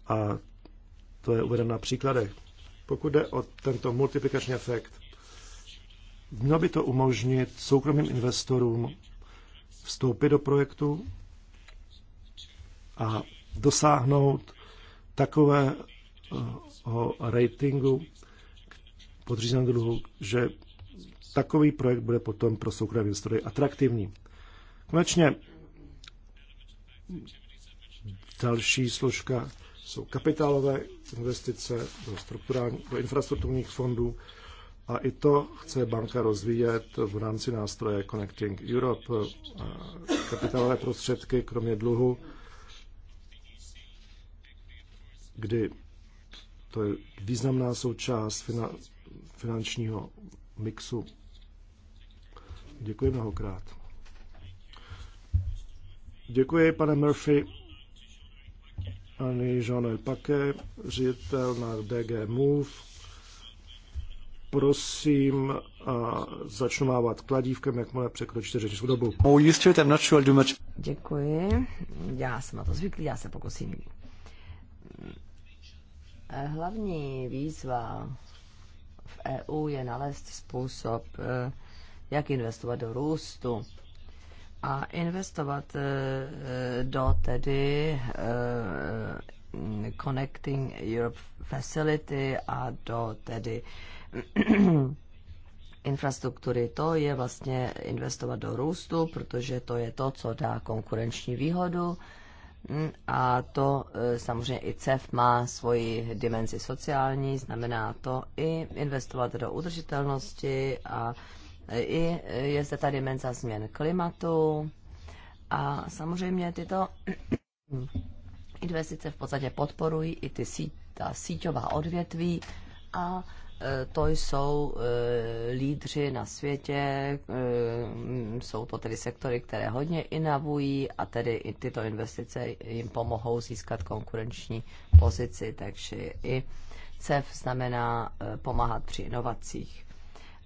a to je uvedeno na příkladech. Pokud jde o tento multiplikační efekt, mělo by to umožnit soukromým investorům vstoupit do projektu a dosáhnout takového ratingu, podřízeného dluhu, že takový projekt bude potom pro soukromé investory atraktivní. Konečně další složka jsou kapitálové investice do, do infrastrukturních fondů a i to chce banka rozvíjet v rámci nástroje Connecting Europe. Kapitálové prostředky, kromě dluhu, kdy to je významná součást finan- finančního mixu. Děkuji mnohokrát. Děkuji, pane Murphy. Ani Jean-Noël Paquet, ředitel na DG Move. Prosím, a začnu mávat kladívkem, jakmile překročíte řečnickou dobu. Oh, Děkuji. Já jsem na to zvyklý, já se pokusím. Hlavní výzva EU je nalézt způsob, eh, jak investovat do růstu a investovat eh, do tedy eh, Connecting Europe Facility a do tedy infrastruktury. To je vlastně investovat do růstu, protože to je to, co dá konkurenční výhodu a to e, samozřejmě i CEF má svoji dimenzi sociální, znamená to i investovat do udržitelnosti a i je zde ta dimenza změn klimatu. A samozřejmě tyto investice v podstatě podporují i ty síť, ta síťová odvětví a Eh, to jsou eh, lídři na světě, eh, jsou to tedy sektory, které hodně inavují a tedy i tyto investice jim pomohou získat konkurenční pozici, takže i CEF znamená pomáhat při inovacích.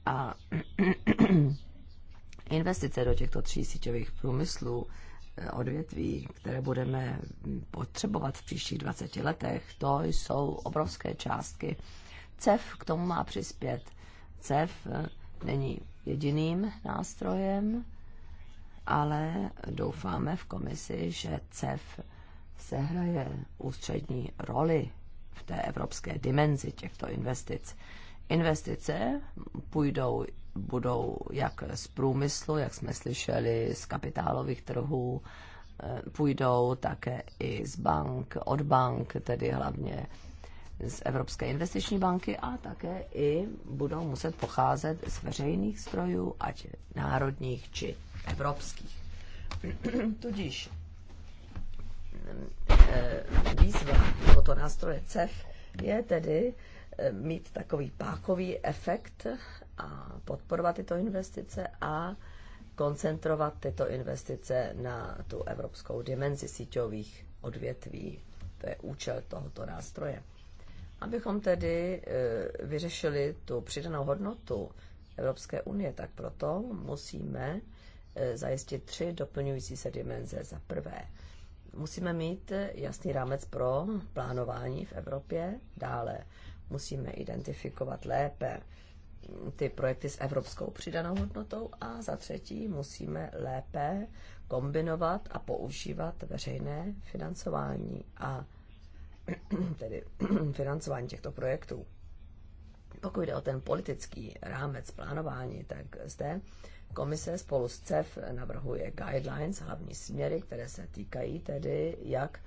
A investice do těchto tří síťových průmyslů odvětví, které budeme potřebovat v příštích 20 letech, to jsou obrovské částky CEF k tomu má přispět. CEF eh, není jediným nástrojem, ale doufáme v komisi, že CEF sehraje ústřední roli v té evropské dimenzi těchto investic. Investice půjdou, budou jak z průmyslu, jak jsme slyšeli, z kapitálových trhů, eh, půjdou také i z bank, od bank, tedy hlavně z Evropské investiční banky a také i budou muset pocházet z veřejných strojů, ať národních či evropských. Tudíž eh, výzva tohoto nástroje CEF je tedy eh, mít takový pákový efekt a podporovat tyto investice a koncentrovat tyto investice na tu evropskou dimenzi síťových odvětví. To je účel tohoto nástroje. Abychom tedy e, vyřešili tu přidanou hodnotu Evropské unie, tak proto musíme e, zajistit tři doplňující se dimenze. Za prvé, musíme mít jasný rámec pro plánování v Evropě. Dále musíme identifikovat lépe ty projekty s evropskou přidanou hodnotou a za třetí musíme lépe kombinovat a používat veřejné financování. A tedy financování těchto projektů. Pokud jde o ten politický rámec plánování, tak zde komise spolu s CEF navrhuje guidelines, hlavní směry, které se týkají tedy jak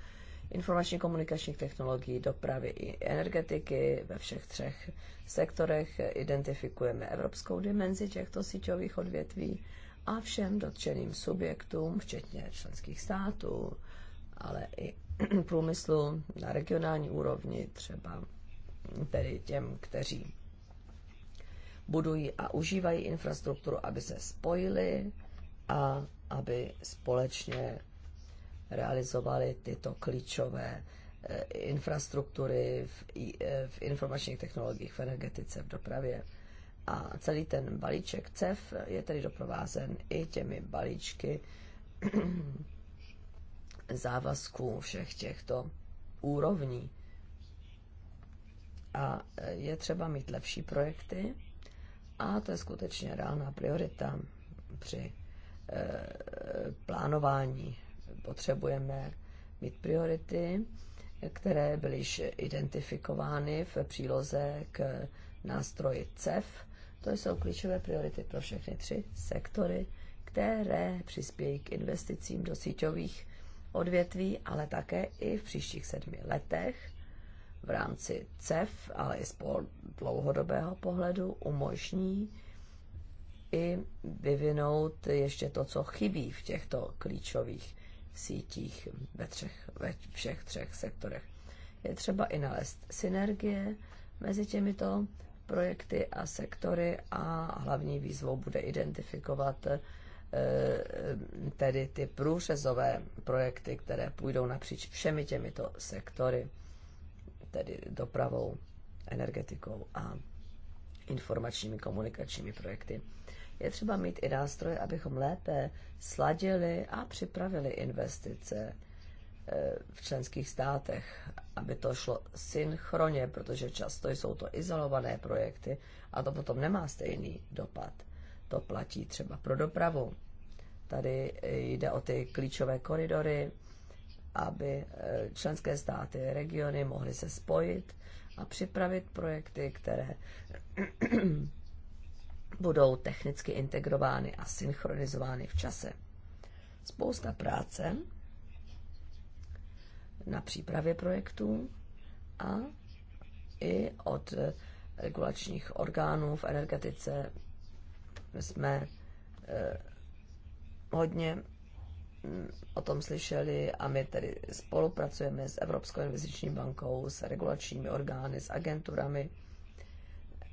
informační komunikačních technologií, dopravy i energetiky ve všech třech sektorech. Identifikujeme evropskou dimenzi těchto síťových odvětví a všem dotčeným subjektům, včetně členských států, ale i průmyslu na regionální úrovni, třeba tedy těm, kteří budují a užívají infrastrukturu, aby se spojili a aby společně realizovali tyto klíčové eh, infrastruktury v, eh, v informačních technologiích, v energetice, v dopravě. A celý ten balíček CEF je tedy doprovázen i těmi balíčky závazků všech těchto úrovní. A e, je třeba mít lepší projekty a to je skutečně reálná priorita při e, plánování. Potřebujeme mít priority, které byly již identifikovány v příloze k nástroji CEF. To jsou klíčové priority pro všechny tři sektory, které přispějí k investicím do síťových odvětví, ale také i v příštích sedmi letech v rámci CEF, ale i z dlouhodobého pohledu umožní i vyvinout ještě to, co chybí v těchto klíčových sítích ve, třech, ve všech třech sektorech. Je třeba i nalézt synergie mezi těmito projekty a sektory a hlavní výzvou bude identifikovat Eh, tedy ty průřezové projekty, které půjdou napříč všemi těmito sektory, tedy dopravou, energetikou a informačními komunikačními projekty. Je třeba mít i nástroje, abychom lépe sladili a připravili investice eh, v členských státech, aby to šlo synchronně, protože často jsou to izolované projekty a to potom nemá stejný dopad. To platí třeba pro dopravu. Tady jde o ty klíčové koridory, aby e, členské státy, regiony mohly se spojit a připravit projekty, které budou technicky integrovány a synchronizovány v čase. Spousta práce na přípravě projektů a i od regulačních orgánů v energetice, my jsme eh, hodně mm, o tom slyšeli a my tedy spolupracujeme s Evropskou investiční bankou, s regulačními orgány, s agenturami,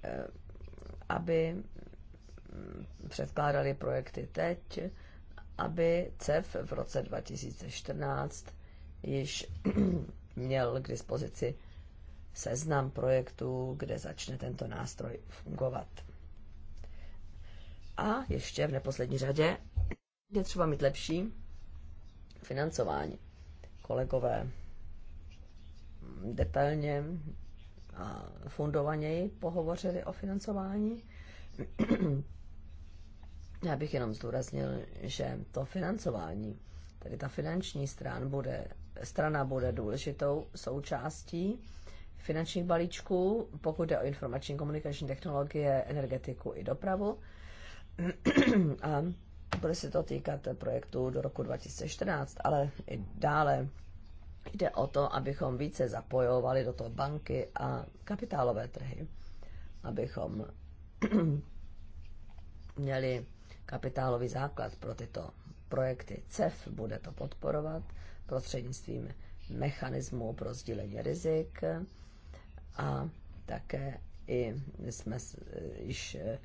eh, aby mm, předkládali projekty teď, aby CEF v roce 2014 již měl k dispozici seznam projektů, kde začne tento nástroj fungovat. A ještě v neposlední řadě je třeba mít lepší financování. Kolegové detailně a fundovaněji pohovořili o financování. Já bych jenom zdůraznil, že to financování, tedy ta finanční stran bude, strana bude důležitou součástí finančních balíčků, pokud jde o informační komunikační technologie, energetiku i dopravu a bude se to týkat projektu do roku 2014, ale i dále jde o to, abychom více zapojovali do toho banky a kapitálové trhy, abychom měli kapitálový základ pro tyto projekty. CEF bude to podporovat prostřednictvím mechanismu pro sdílení rizik a také i jsme již eh,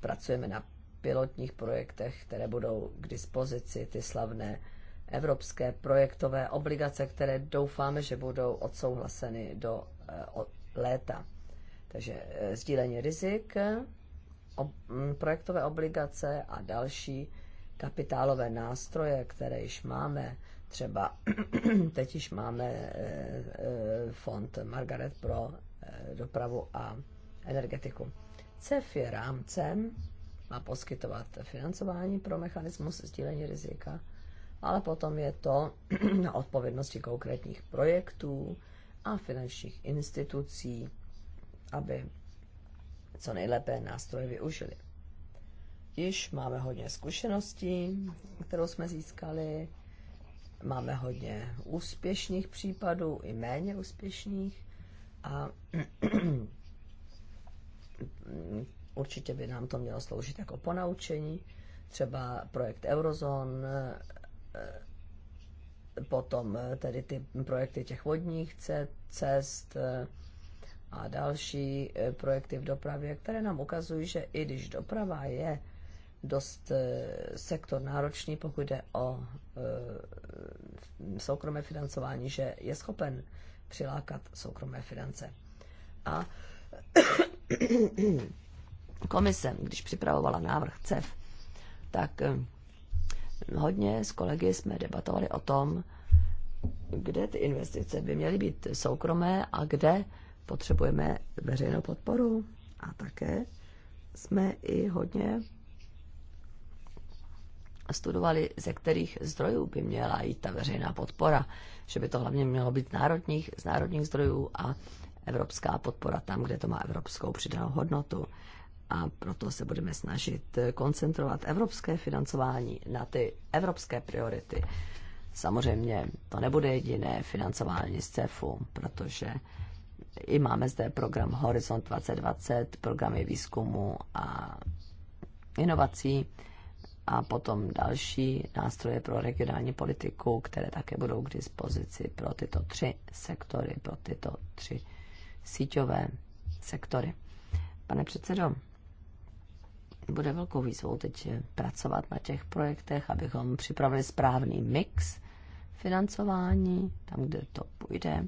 pracujeme na pilotních projektech, které budou k dispozici, ty slavné evropské projektové obligace, které doufáme, že budou odsouhlaseny do eh, léta. Takže eh, sdílení rizik, mm, projektové obligace a další kapitálové nástroje, které již máme, třeba teď již máme eh, fond Margaret pro dopravu a energetiku. CEF je rámcem, má poskytovat financování pro mechanismus sdílení rizika, ale potom je to na odpovědnosti konkrétních projektů a finančních institucí, aby co nejlépe nástroje využili. Již máme hodně zkušeností, kterou jsme získali, máme hodně úspěšných případů i méně úspěšných a Mm, určitě by nám to mělo sloužit jako ponaučení, třeba projekt Eurozón, eh, eh, potom eh, tedy ty projekty těch vodních cest a další projekty v dopravě, které nám ukazují, že i když doprava je dost sektor náročný, pokud jde o soukromé financování, že je schopen přilákat soukromé finance. A komise, když připravovala návrh CEF, tak eh, hodně s kolegy jsme debatovali o tom, kde ty investice by měly být soukromé a kde potřebujeme veřejnou podporu. A také jsme i hodně studovali, ze kterých zdrojů by měla jít ta veřejná podpora, že by to hlavně mělo být národních, z národních zdrojů a evropská podpora tam, kde to má evropskou přidanou hodnotu. A proto se budeme snažit koncentrovat evropské financování na ty evropské priority. Samozřejmě to nebude jediné financování z CEFu, protože i máme zde program Horizont 2020, programy výzkumu a inovací a potom další nástroje pro regionální politiku, které také budou k dispozici pro tyto tři sektory, pro tyto tři síťové sektory. Pane předsedo, bude velkou výzvou teď pracovat na těch projektech, abychom připravili správný mix financování, tam, kde to půjde.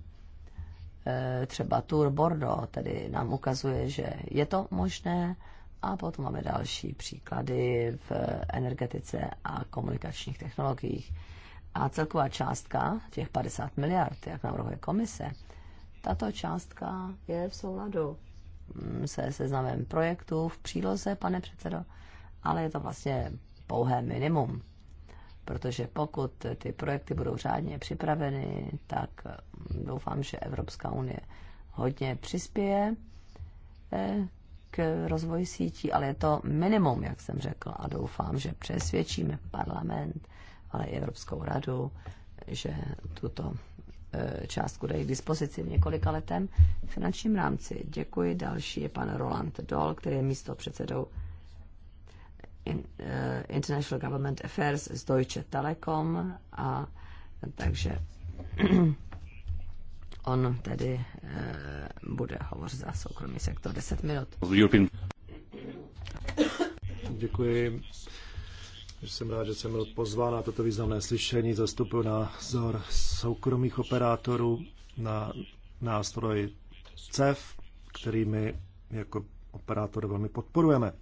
E, třeba Tour Bordeaux tedy nám ukazuje, že je to možné a potom máme další příklady v energetice a komunikačních technologiích. A celková částka těch 50 miliard, jak navrhuje komise, tato částka je v souladu se seznamem projektů v příloze, pane předsedo, ale je to vlastně pouhé minimum. Protože pokud ty projekty budou řádně připraveny, tak doufám, že Evropská unie hodně přispěje eh, k rozvoji sítí, ale je to minimum, jak jsem řekl, a doufám, že přesvědčíme parlament, ale i Evropskou radu, že tuto Eh, částku dají k dispozici v několika letem finančním rámci. Děkuji. Další je pan Roland Dol, který je místo předsedou eh, International Government Affairs z Deutsche Telekom a takže on tedy eh, bude hovořit za soukromý sektor 10 minut. Děkuji. Jsem rád, že jsem byl pozván na toto významné slyšení. Zastupuji názor soukromých operátorů na nástroj CEF, který my jako operátor velmi podporujeme.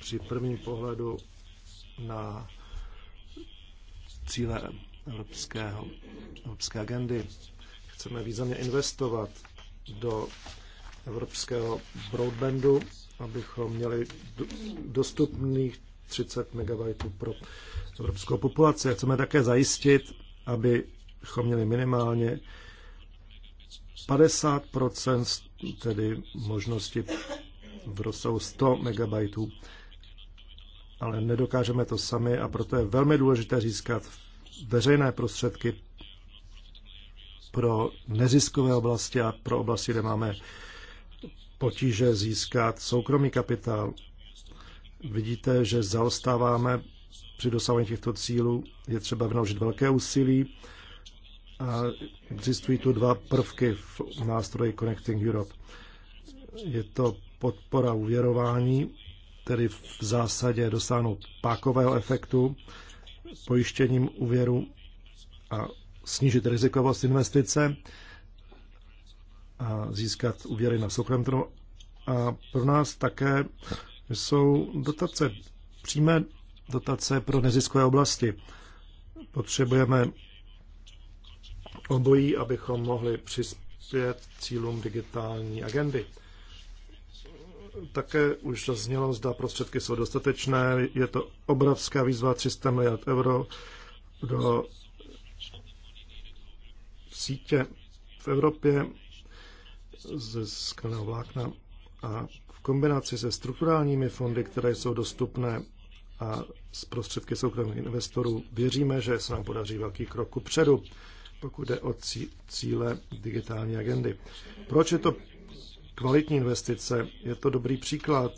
Při prvním pohledu na cíle evropského, evropské agendy chceme významně investovat do evropského broadbandu abychom měli dostupných 30 MB pro evropskou populaci. A chceme také zajistit, abychom měli minimálně 50 tedy možnosti v rozsahu 100 MB, ale nedokážeme to sami a proto je velmi důležité získat veřejné prostředky pro neziskové oblasti a pro oblasti, kde máme potíže získat soukromý kapitál. Vidíte, že zaostáváme při dosahování těchto cílů. Je třeba vynaložit velké úsilí a existují tu dva prvky v nástroji Connecting Europe. Je to podpora uvěrování, tedy v zásadě dosáhnout pákového efektu pojištěním úvěru a snížit rizikovost investice a získat úvěry na soukromém trhu. A pro nás také jsou dotace, přímé dotace pro neziskové oblasti. Potřebujeme obojí, abychom mohli přispět cílům digitální agendy. Také už zaznělo, zda prostředky jsou dostatečné. Je to obrovská výzva 300 miliard euro do sítě v Evropě ze skleného vlákna a v kombinaci se strukturálními fondy, které jsou dostupné a z prostředky soukromých investorů, věříme, že se nám podaří velký krok ku předu, pokud jde o cíle digitální agendy. Proč je to kvalitní investice? Je to dobrý příklad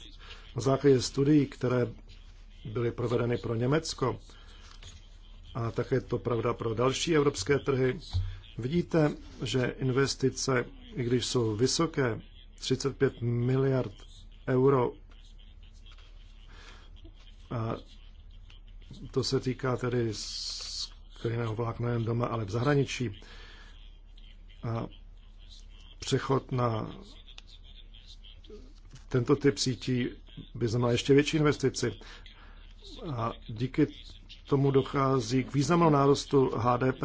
na základě studií, které byly provedeny pro Německo a také to pravda pro další evropské trhy. Vidíte, že investice i když jsou vysoké, 35 miliard euro. A to se týká tedy skleněného vlákna jen doma, ale v zahraničí. A přechod na tento typ sítí by znamenal ještě větší investici. A díky tomu dochází k významnému nárostu HDP.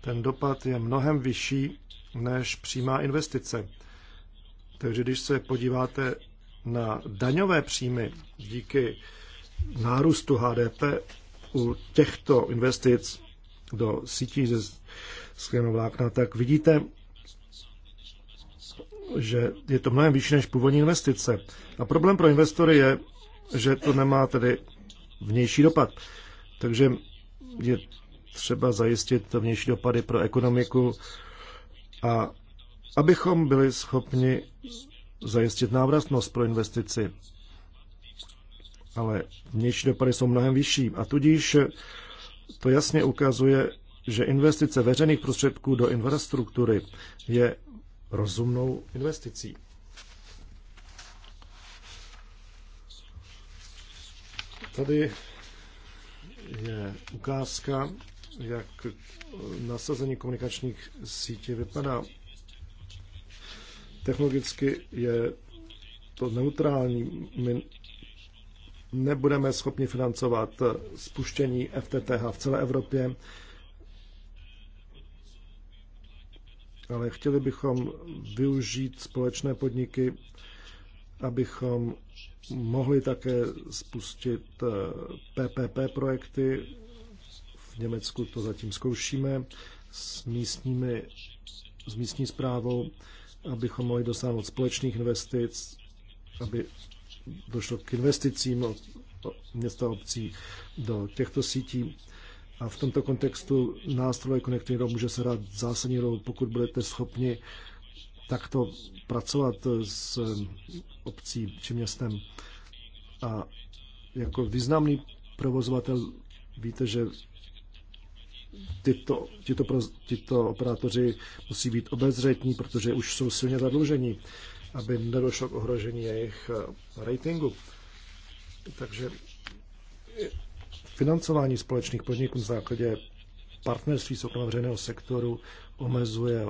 Ten dopad je mnohem vyšší než přímá investice. Takže když se podíváte na daňové příjmy díky nárůstu HDP u těchto investic do sítí ze sklenovlákna, tak vidíte, že je to mnohem vyšší než původní investice. A problém pro investory je, že to nemá tedy vnější dopad. Takže je třeba zajistit vnější dopady pro ekonomiku a abychom byli schopni zajistit návratnost pro investici, ale vnější dopady jsou mnohem vyšší a tudíž to jasně ukazuje, že investice veřejných prostředků do infrastruktury je rozumnou investicí. Tady je ukázka jak nasazení komunikačních sítí vypadá. Technologicky je to neutrální. My nebudeme schopni financovat spuštění FTTH v celé Evropě, ale chtěli bychom využít společné podniky, abychom mohli také spustit PPP projekty v Německu to zatím zkoušíme s, místními, s místní zprávou, abychom mohli dosáhnout společných investic, aby došlo k investicím od města obcí do těchto sítí. A v tomto kontextu nástroj Connecting Europe může se hrát zásadní roli, pokud budete schopni takto pracovat s obcí či městem. A jako významný provozovatel víte, že tyto, tyto, tyto operátoři musí být obezřetní, protože už jsou silně zadlužení, aby nedošlo k ohrožení jejich eh, ratingu. Takže financování společných podniků na základě partnerství soukromého veřejného sektoru omezuje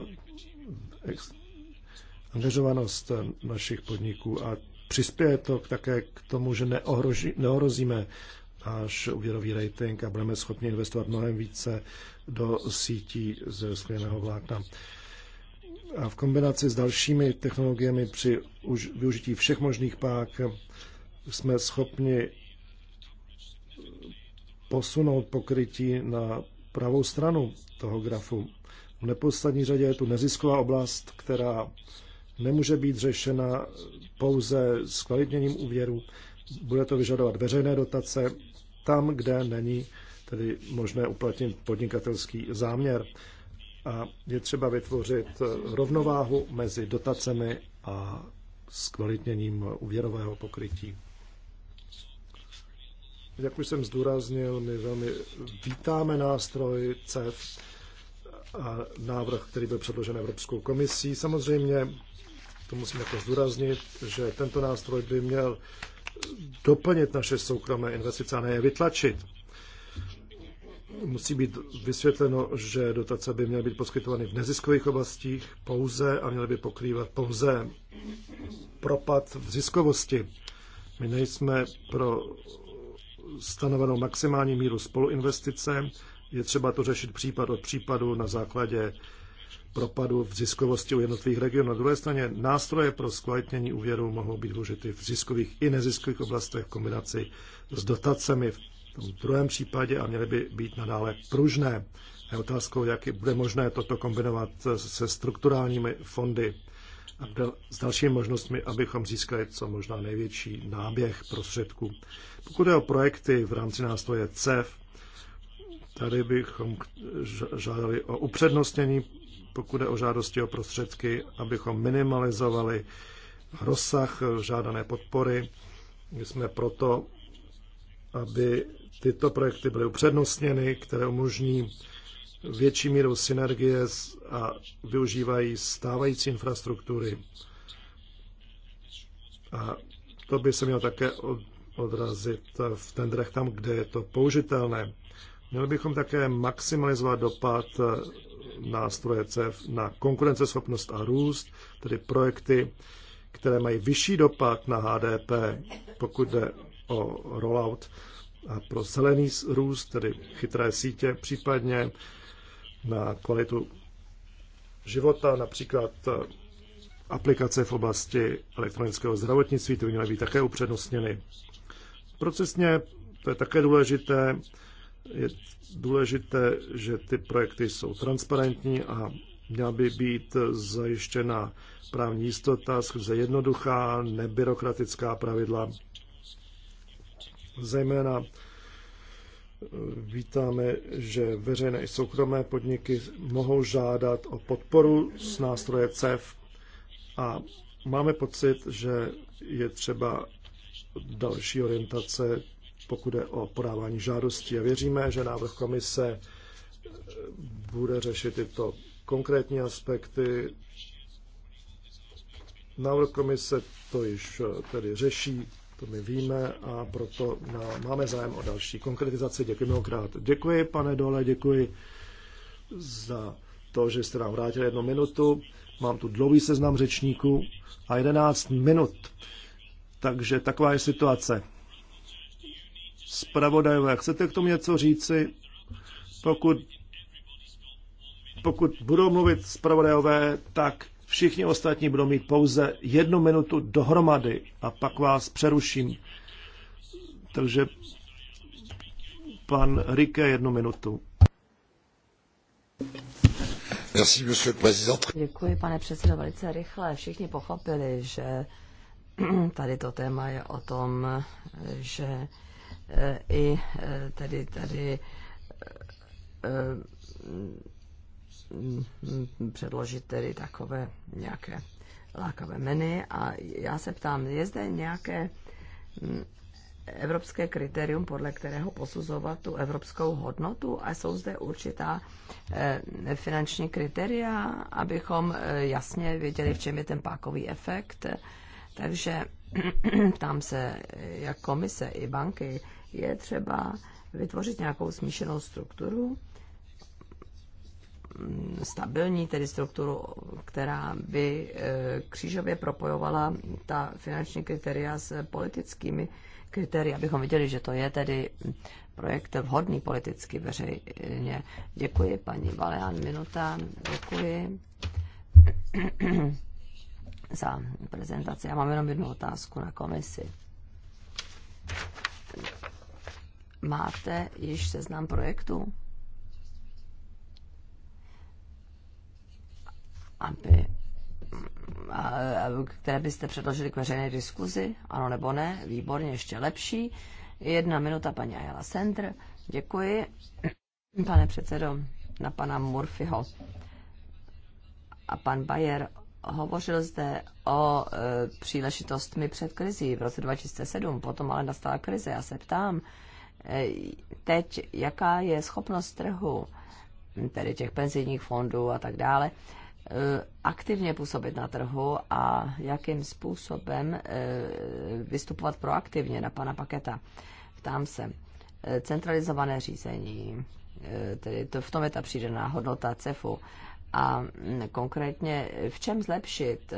angažovanost eh, našich podniků a přispěje to také k tomu, že neohrozíme až úvěrový rating a budeme schopni investovat mnohem více do sítí z rostlinného vlákna. A v kombinaci s dalšími technologiemi při už využití všech možných pák jsme schopni posunout pokrytí na pravou stranu toho grafu. V neposlední řadě je tu nezisková oblast, která nemůže být řešena pouze s kvalitněním úvěru. Bude to vyžadovat veřejné dotace tam, kde není tedy možné uplatnit podnikatelský záměr. A je třeba vytvořit rovnováhu mezi dotacemi a zkvalitněním úvěrového pokrytí. Jak už jsem zdůraznil, my velmi vítáme nástroj CEF a návrh, který byl předložen Evropskou komisí. Samozřejmě to musím jako zdůraznit, že tento nástroj by měl doplnit naše soukromé investice a ne je vytlačit. Musí být vysvětleno, že dotace by měly být poskytovány v neziskových oblastích pouze a měly by pokrývat pouze propad v ziskovosti. My nejsme pro stanovenou maximální míru spoluinvestice. Je třeba to řešit případ od případu na základě propadu v ziskovosti u jednotlivých regionů. Na druhé straně nástroje pro zkvalitnění úvěru mohou být užity v ziskových i neziskových oblastech v kombinaci s dotacemi v tom druhém případě a měly by být nadále pružné. Je otázkou, jak bude možné toto kombinovat se strukturálními fondy a s dalšími možnostmi, abychom získali co možná největší náběh prostředků. Pokud je o projekty v rámci nástroje CEF, tady bychom žádali o upřednostnění pokud je o žádosti o prostředky, abychom minimalizovali rozsah žádané podpory. My jsme proto, aby tyto projekty byly upřednostněny, které umožní větší míru synergie a využívají stávající infrastruktury. A to by se mělo také odrazit v tendrech tam, kde je to použitelné. Měli bychom také maximalizovat dopad eh, nástroje CEF na konkurenceschopnost a růst, tedy projekty, které mají vyšší dopad na HDP, pokud jde o rollout a pro zelený růst, tedy chytré sítě, případně na kvalitu života, například eh, aplikace v oblasti elektronického zdravotnictví, ty by měly být také upřednostněny. Procesně to je také důležité, je důležité, že ty projekty jsou transparentní a měla by být zajištěna právní jistota skrze jednoduchá, nebyrokratická pravidla. Zejména eh, vítáme, že veřejné i soukromé podniky mohou žádat o podporu z nástroje CEF a máme pocit, že je třeba další orientace pokud je o podávání žádostí. A věříme, že návrh komise bude řešit tyto konkrétní aspekty. Návrh komise to již eh, tedy řeší, to my víme a proto máme zájem o další konkretizaci. Děkuji mnohokrát. Děkuji, pane Dole, děkuji za to, že jste nám vrátili jednu minutu. Mám tu dlouhý seznam řečníků a 11 minut. Takže taková je situace zpravodajové. Chcete k tomu něco říci? Pokud, pokud budou mluvit zpravodajové, tak všichni ostatní budou mít pouze jednu minutu dohromady a pak vás přeruším. Takže pan Rike jednu minutu. Děkuji, pane předsedo, velice rychle. Všichni pochopili, že tady to téma je o tom, že Eh, i eh, tedy tady eh, mm, předložit tedy takové nějaké lákavé meny. A já se ptám, je zde nějaké mm, evropské kritérium, podle kterého posuzovat tu evropskou hodnotu a jsou zde určitá finanční kritéria, abychom jasně věděli, v čem je ten pákový efekt. Takže tam se jak komise i banky je třeba vytvořit nějakou smíšenou strukturu, stabilní tedy strukturu, která by e, křížově propojovala ta finanční kritéria s politickými kritérii, abychom viděli, že to je tedy projekt vhodný politicky veřejně. Děkuji, paní Baleán, minuta. Děkuji za prezentaci. Já mám jenom jednu otázku na komisi máte již seznam projektů? Aby, které byste předložili k veřejné diskuzi? Ano nebo ne? Výborně, ještě lepší. Jedna minuta, paní Ayala Center. Děkuji, pane předsedo, na pana Murphyho. A pan Bayer hovořil zde o e, příležitostmi před krizí v roce 2007, potom ale nastala krize. Já se ptám, E, teď, jaká je schopnost trhu, tedy těch penzijních fondů a tak dále, e, aktivně působit na trhu a jakým způsobem e, vystupovat proaktivně na pana Paketa. Ptám se, centralizované řízení, tedy to v tom je ta přidaná hodnota CEFu a konkrétně v čem zlepšit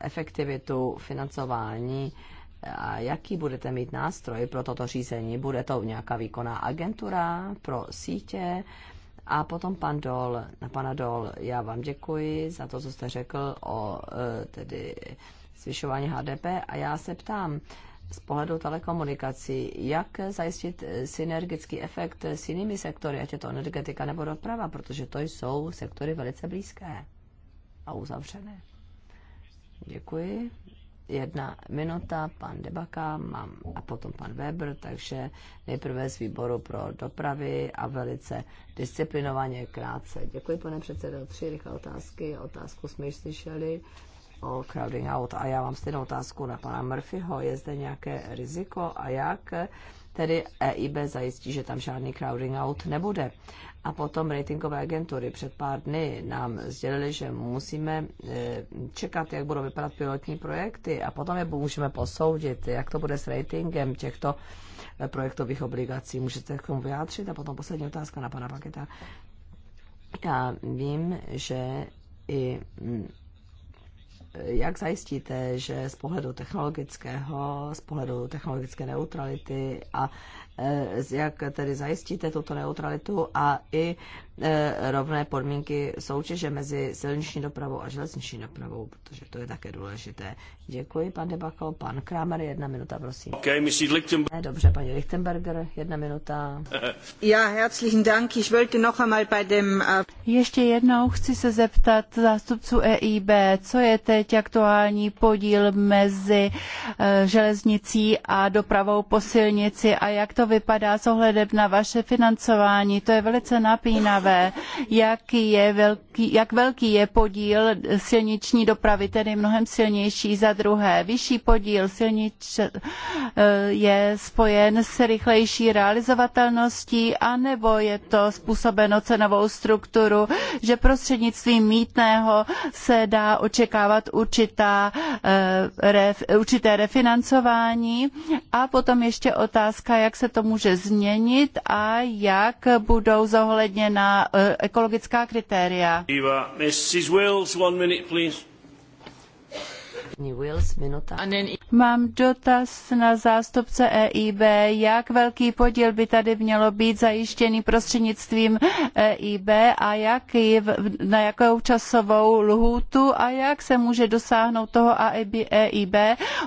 efektivitu financování a jaký budete mít nástroj pro toto řízení? Bude to nějaká výkonná agentura pro sítě? A potom pan Dol, na pana Dol, já vám děkuji za to, co jste řekl o e, tedy zvyšování HDP a já se ptám, z pohledu telekomunikací, jak zajistit synergický efekt s jinými sektory, ať je to energetika nebo doprava, protože to jsou sektory velice blízké a uzavřené. Děkuji jedna minuta, pan Debaka mám, a potom pan Weber, takže nejprve z výboru pro dopravy a velice disciplinovaně krátce. Děkuji, pane předsedo. Tři rychlé otázky. Otázku jsme již slyšeli o crowding out a já mám stejnou otázku na pana Murphyho. Je zde nějaké riziko a jak tedy EIB zajistí, že tam žádný crowding out nebude. A potom ratingové agentury před pár dny nám sdělili, že musíme eh, čekat, jak budou vypadat pilotní projekty a potom je můžeme posoudit, jak to bude s ratingem těchto eh, projektových obligací. Můžete k tomu vyjádřit? A potom poslední otázka na pana Paketa. Já vím, že i mm, eh, jak zajistíte, že z pohledu technologického, z pohledu technologické neutrality a Eh, jak tedy zajistíte tuto neutralitu a i eh, rovné podmínky soutěže mezi silniční dopravou a železniční dopravou, protože to je také důležité. Děkuji, pan Debako. Pan Kramer, jedna minuta, prosím. Okay, Ne, Dobře, paní Lichtenberger, jedna minuta. Ja, herzlichen Dank. Ich wollte noch einmal bei dem... Äh, Ještě jednou chci se zeptat zástupců EIB, co je teď aktuální podíl mezi eh, železnicí a dopravou po silnici a jak to vypadá s ohledem na vaše financování. To je velice napínavé, jaký je velký, jak velký je podíl silniční dopravy, tedy mnohem silnější za druhé. Vyšší podíl silnič eh, je spojen s rychlejší realizovatelností, anebo je to způsobeno cenovou strukturu, že prostřednictvím mítného se dá očekávat určitá, eh, určité refinancování. A potom ještě otázka, jak se to to může změnit a jak budou zohledněna eh, ekologická kritéria. Eva, Mrs. Wills, one minute, please. Mám dotaz na zástupce EIB. Jak velký podíl by tady mělo být zajištěný prostřednictvím EIB a jaký, na jakou časovou lhůtu a jak se může dosáhnout toho, aby EIB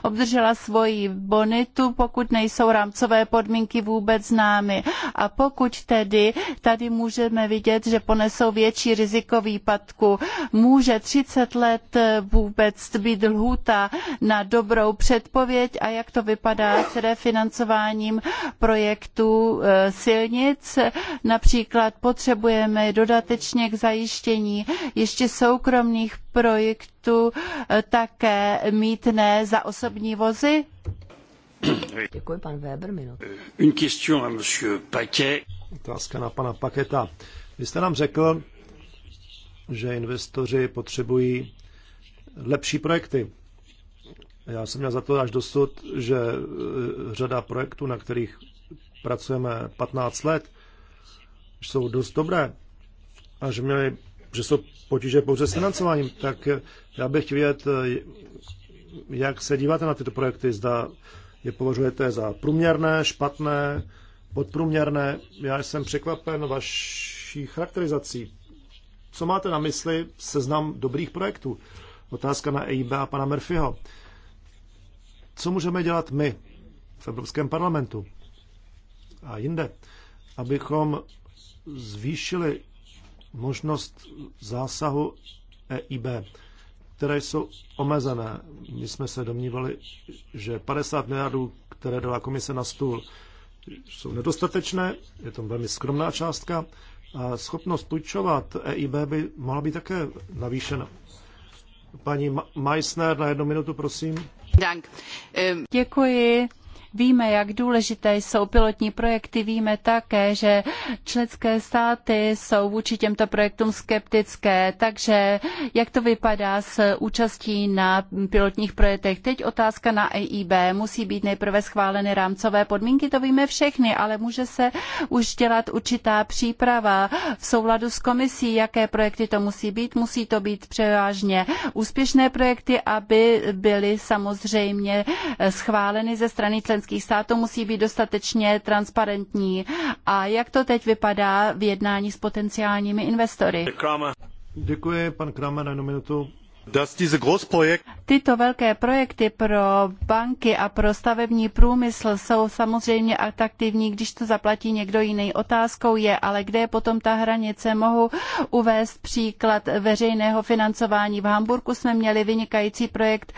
obdržela svoji bonitu, pokud nejsou rámcové podmínky vůbec známy. A pokud tedy tady můžeme vidět, že ponesou větší riziko výpadku, může 30 let vůbec být lhůta lhůta na dobrou předpověď a jak to vypadá s refinancováním projektů e, silnic. Například potřebujeme dodatečně k zajištění ještě soukromých projektů e, také mítné za osobní vozy? Děkuji, pan Weber, question à monsieur Paquet. Otázka na pana Paketa. Vy jste nám řekl, že investoři potřebují lepší projekty. Já jsem měl za to až dosud, že e, řada projektů, na kterých pracujeme 15 let, jsou dost dobré a že, měli, že jsou potíže pouze s financováním, tak já bych chtěl vědět, e, jak se díváte na tyto projekty, zda je považujete za průměrné, špatné, podprůměrné. Já jsem překvapen vaší charakterizací. Co máte na mysli seznam dobrých projektů? Otázka na EIB a pana Murphyho co můžeme dělat my v Evropském parlamentu a jinde, abychom zvýšili možnost zásahu EIB, které jsou omezené. My jsme se domnívali, že 50 miliardů, které dala komise na stůl, jsou nedostatečné, je to velmi skromná částka a schopnost půjčovat EIB by mohla být také navýšena. Paní Meissner, na jednu minutu, prosím. Dank. Ehm, Děkuji. Víme, jak důležité jsou pilotní projekty, víme také, že členské státy jsou vůči těmto projektům skeptické, takže jak to vypadá s účastí na pilotních projektech? Teď otázka na EIB. Musí být nejprve schváleny rámcové podmínky, to víme všechny, ale může se už dělat určitá příprava v souladu s komisí, jaké projekty to musí být. Musí to být převážně úspěšné projekty, aby byly samozřejmě schváleny ze strany členských členských států musí být dostatečně transparentní. A jak to teď vypadá v jednání s potenciálními investory? Děkuji, pan Kramer, na jednu minutu. Tyto velké projekty pro banky a pro stavební průmysl jsou samozřejmě atraktivní, když to zaplatí někdo jiný. Otázkou je, ale kde je potom ta hranice? Mohu uvést příklad veřejného financování. V Hamburku jsme měli vynikající projekt,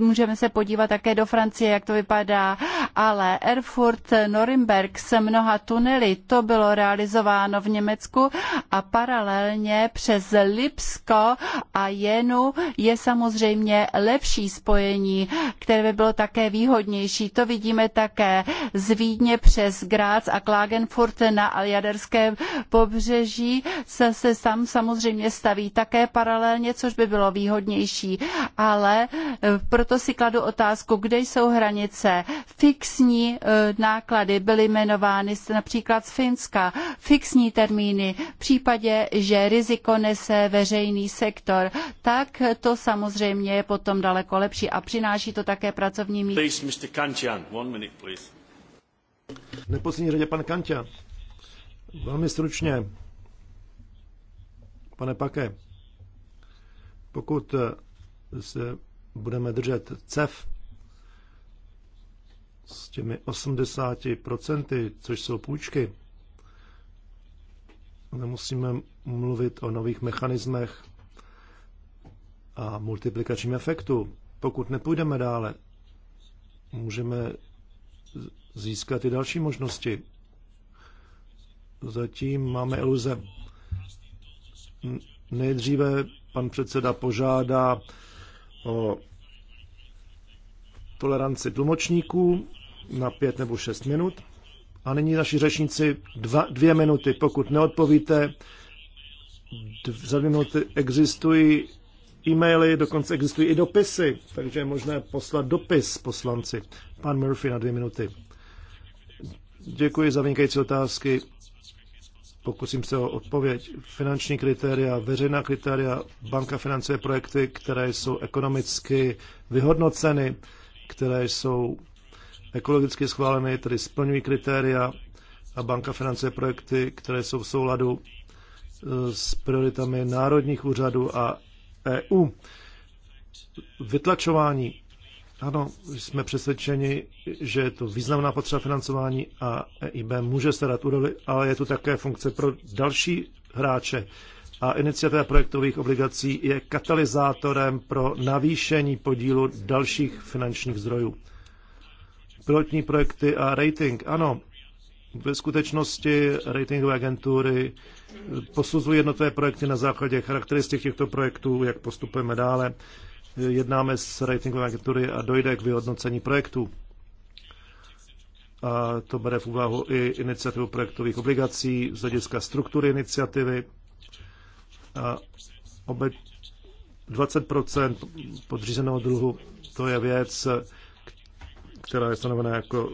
můžeme se podívat také do Francie, jak to vypadá, ale Erfurt Norimberg se mnoha tunely, to bylo realizováno v Německu a paralelně přes Lipsko a Jenu je samozřejmě lepší spojení, které by bylo také výhodnější. To vidíme také z Vídně přes Graz a Klagenfurt na Aljaderské pobřeží se, se samozřejmě staví také paralelně, což by bylo výhodnější. Ale e, proto si kladu otázku, kde jsou hranice. Fixní e, náklady byly jmenovány například z Finska. Fixní termíny v případě, že riziko nese veřejný sektor. Tak to samozřejmě je potom daleko lepší a přináší to také pracovní místa. Neposlední řadě pan Kantian. Velmi stručně, pane Pake, pokud se budeme držet CEF s těmi 80%, což jsou půjčky, nemusíme mluvit o nových mechanismech a multiplikačním efektu. Pokud nepůjdeme dále, můžeme získat i další možnosti. Zatím máme iluze. Nejdříve pan předseda požádá o toleranci tlumočníků na pět nebo šest minut. A nyní naši řečníci dva, dvě minuty. Pokud neodpovíte, dv, za dvě minuty existují e-maily, dokonce existují i dopisy, takže je možné poslat dopis poslanci. Pan Murphy na dvě minuty. Děkuji za vynikající otázky. Pokusím se o odpověď. Finanční kritéria, veřejná kritéria, banka financuje projekty, které jsou ekonomicky vyhodnoceny, které jsou ekologicky schváleny, tedy splňují kritéria a banka financuje projekty, které jsou v souladu eh, s prioritami národních úřadů a EU. Vytlačování. Ano, jsme přesvědčeni, že je to významná potřeba financování a EIB může se dát úroveň, ale je tu také funkce pro další hráče. A iniciativa projektových obligací je katalyzátorem pro navýšení podílu dalších finančních zdrojů pilotní projekty a rating. Ano, ve skutečnosti ratingové agentury posuzují jednotlivé projekty na základě charakteristik těchto projektů, jak postupujeme dále. Jednáme s ratingové agentury a dojde k vyhodnocení projektů. A to bere v úvahu i iniciativu projektových obligací z hlediska struktury iniciativy. A obe 20 podřízeného druhu, to je věc, která je stanovena jako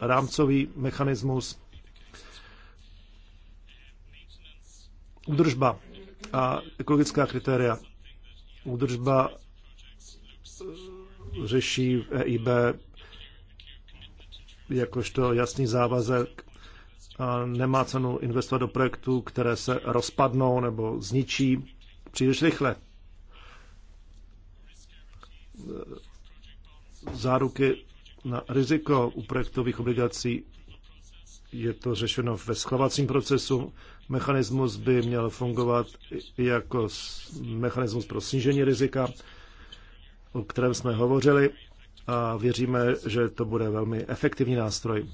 rámcový mechanismus, údržba a ekologická kritéria. Údržba eh, řeší v e EIB jakožto jasný závazek a nemá cenu investovat do projektů, které se rozpadnou nebo zničí příliš rychle. Eh, záruky na riziko u projektových obligací je to řešeno ve schovacím procesu. Mechanismus by měl fungovat jako mechanismus pro snížení rizika, o kterém jsme hovořili a věříme, že to bude velmi efektivní nástroj.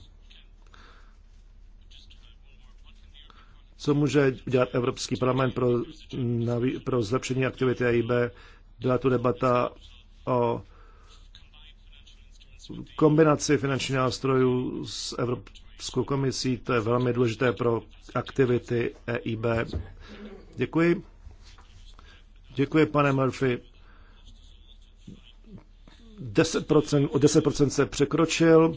Co může dělat Evropský parlament pro, pro zlepšení aktivity AIB? Byla tu debata o kombinaci finančních nástrojů s Evropskou komisí, to je velmi důležité pro aktivity EIB. Děkuji. Děkuji, pane Murphy. 10%, o 10% se překročil.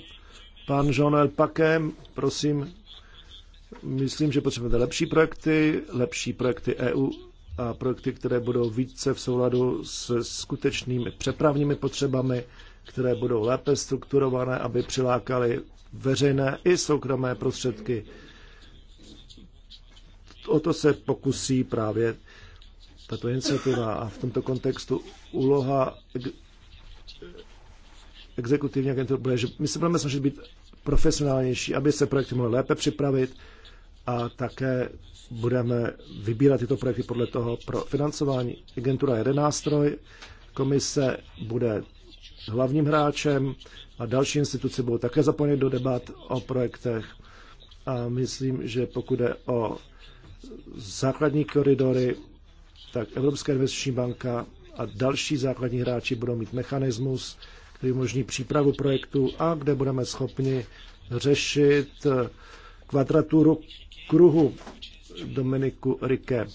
Pan Jean-Noël Pakem, prosím, myslím, že potřebujeme lepší projekty, lepší projekty EU a projekty, které budou více v souladu s skutečnými přepravními potřebami které budou lépe strukturované, aby přilákaly veřejné i soukromé prostředky. O to se pokusí právě tato iniciativa a v tomto kontextu úloha exekutivní agentury bude, že my se budeme snažit být profesionálnější, aby se projekty mohly lépe připravit a také budeme vybírat tyto projekty podle toho pro financování. Agentura je jeden nástroj, komise bude hlavním hráčem a další instituce budou také zapojeny do debat o projektech. A myslím, že pokud je o základní koridory, tak Evropská investiční banka a další základní hráči budou mít mechanismus, který umožní přípravu projektu a kde budeme schopni řešit kvadraturu kruhu Dominiku Rike,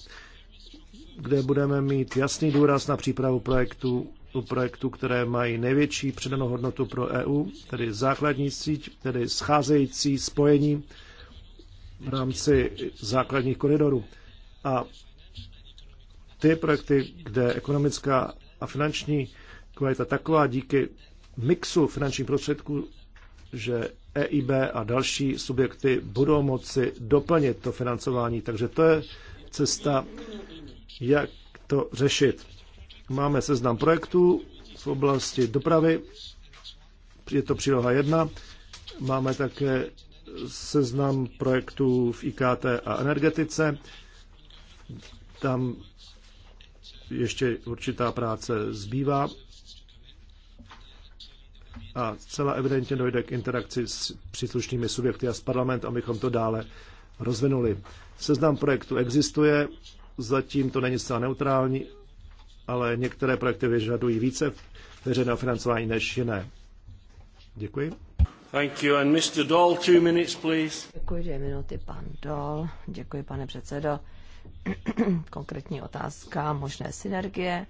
kde budeme mít jasný důraz na přípravu projektu u projektů, které mají největší přidanou hodnotu pro EU, tedy základní síť, tedy scházející spojení v rámci základních koridorů. A ty projekty, kde ekonomická a finanční kvalita taková díky mixu finančních prostředků, že EIB a další subjekty budou moci doplnit to financování. Takže to je cesta, jak to řešit. Máme seznam projektů v oblasti dopravy, je to příloha 1. Máme také seznam projektů v IKT a energetice. Tam ještě určitá práce zbývá a celá evidentně dojde k interakci s příslušnými subjekty a s parlament, abychom to dále rozvinuli. Seznam projektu existuje, zatím to není zcela neutrální, ale některé projekty vyžadují více veřejného financování než jiné. Děkuji. Thank you. And Mr. Dahl, two minutes, please. Děkuji, dvě minuty, pan Dol. Děkuji, pane předsedo. Konkrétní otázka, možné synergie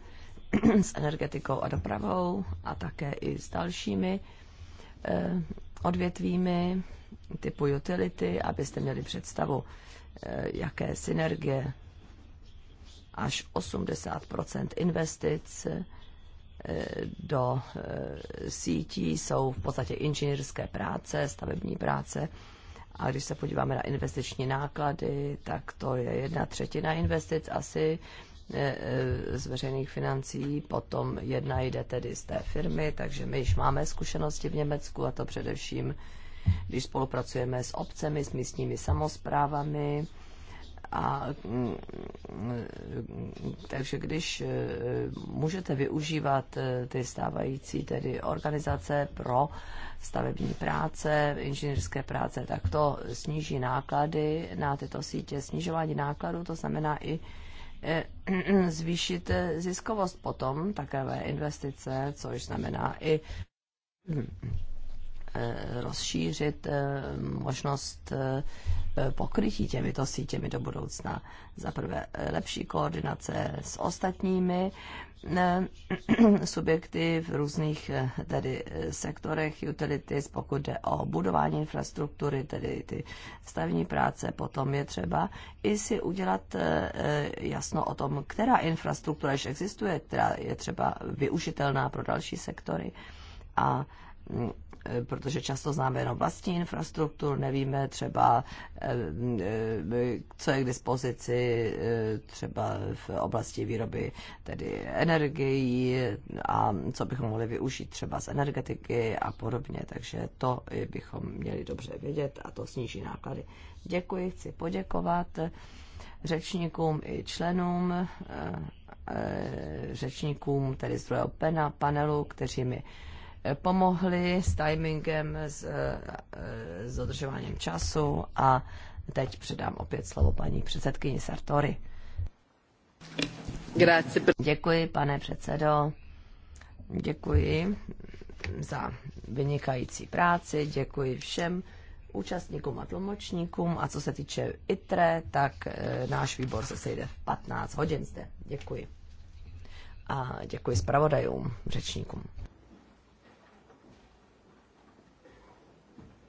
s energetikou a dopravou a také i s dalšími eh, odvětvími typu utility, abyste měli představu, eh, jaké synergie až 80 investic eh, do eh, sítí jsou v podstatě inženýrské práce, stavební práce. A když se podíváme na investiční náklady, tak to je jedna třetina investic asi eh, z veřejných financí, potom jedna jde tedy z té firmy, takže my již máme zkušenosti v Německu a to především, když spolupracujeme s obcemi, s místními samozprávami, a, mm, takže když e, můžete využívat e, ty stávající tedy organizace pro stavební práce, inženýrské práce, tak to sníží náklady na tyto sítě. Snižování nákladů to znamená i e, zvýšit ziskovost potom, takové investice, což znamená i Eh, rozšířit eh, možnost eh, pokrytí těmito sítěmi do budoucna. Za prvé lepší koordinace s ostatními subjekty v různých tedy sektorech utilities, pokud jde o budování infrastruktury, tedy ty stavní práce, potom je třeba i si udělat jasno o tom, která infrastruktura již existuje, která je třeba využitelná pro další sektory a mm, protože často známe jenom vlastní infrastrukturu, nevíme třeba, eh, eh, co je k dispozici eh, třeba v oblasti výroby tedy energií a co bychom mohli využít třeba z energetiky a podobně. Takže to bychom měli dobře vědět a to sníží náklady. Děkuji, chci poděkovat řečníkům i členům řečníkům, tedy z druhého panelu, kteří mi pomohli s timingem, s, eh, eh, s dodržováním času a teď předám opět slovo paní předsedkyni Sartori. Děkuji, pane předsedo. Děkuji za vynikající práci, děkuji všem účastníkům a tlumočníkům a co se týče ITRE, tak eh, náš výbor se sejde v 15 hodin zde. Děkuji. A děkuji zpravodajům, řečníkům.